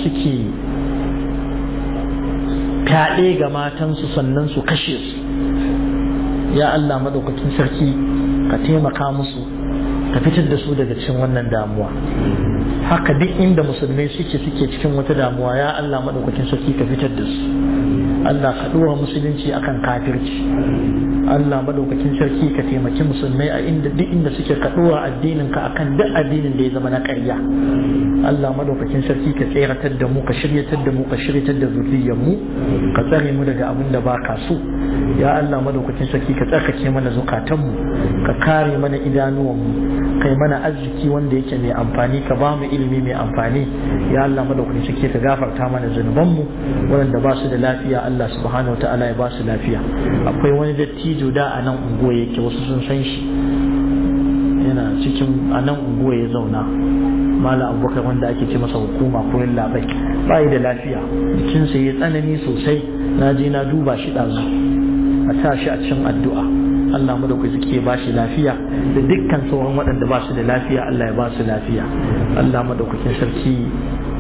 suke fyaɗe ga matansu sannan su kashe su ya Allah maɗaukakin sarki ka taimaka musu ka fitar da su daga cikin wannan damuwa haka duk inda musulmai suke suke cikin wata damuwa ya Allah maɗaukakin sarki ka fitar da su Allah ka musulunci akan kafirci Allah maɗaukakin sarki ka taimaki musulmai a inda duk inda suke ka ɗora addinin ka akan duk addinin da ya zama na ƙarya Allah maɗaukakin sarki ka tseratar da mu ka shiryatar da mu ka shiryatar da zuriyar mu ka tsare mu daga abin da ba ka so ya Allah maɗaukakin sarki ka tsarkake mana zukatan mu ka kare mana idanuwan mu kai mana arziki wanda yake mai amfani ka ba mu ilimi mai amfani ya Allah madaukakin sarki ka gafarta mana mu waɗanda ba su da lafiya Allah subhanahu wataala ya ba su lafiya akwai wani dattijo da a nan unguwa yake wasu sun san shi yana cikin a nan unguwa ya zauna mala abubakar wanda ake ce masa hukuma ko labai ba da lafiya jikinsa ya tsanani sosai na je na duba shi ɗazu a sa shi a cikin addu'a Allah madaukaki ya bashi lafiya da dukkan sauran waɗanda ba su da lafiya Allah ya ba su lafiya Allah madaukakin sarki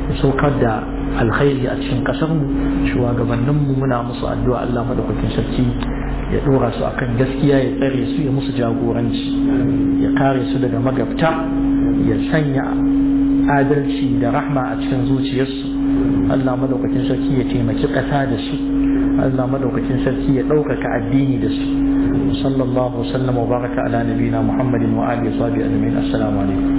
ya saukar da alkhairi a cikin kasarmu shugabanninmu muna musu addu'a Allah madaukakin sarki ya dora su akan gaskiya ya tsare su ya musu jagoranci ya kare su daga magabta ya sanya adalci da rahma a cikin zuciyarsu Allah madaukakin sarki ya taimaki ƙasa da su Allah madaukakin sarki ya ɗaukaka addini da su sallallahu wasallam wa baraka ala nabiyina muhammadin wa alihi wa sahbihi ajma'in assalamu alaikum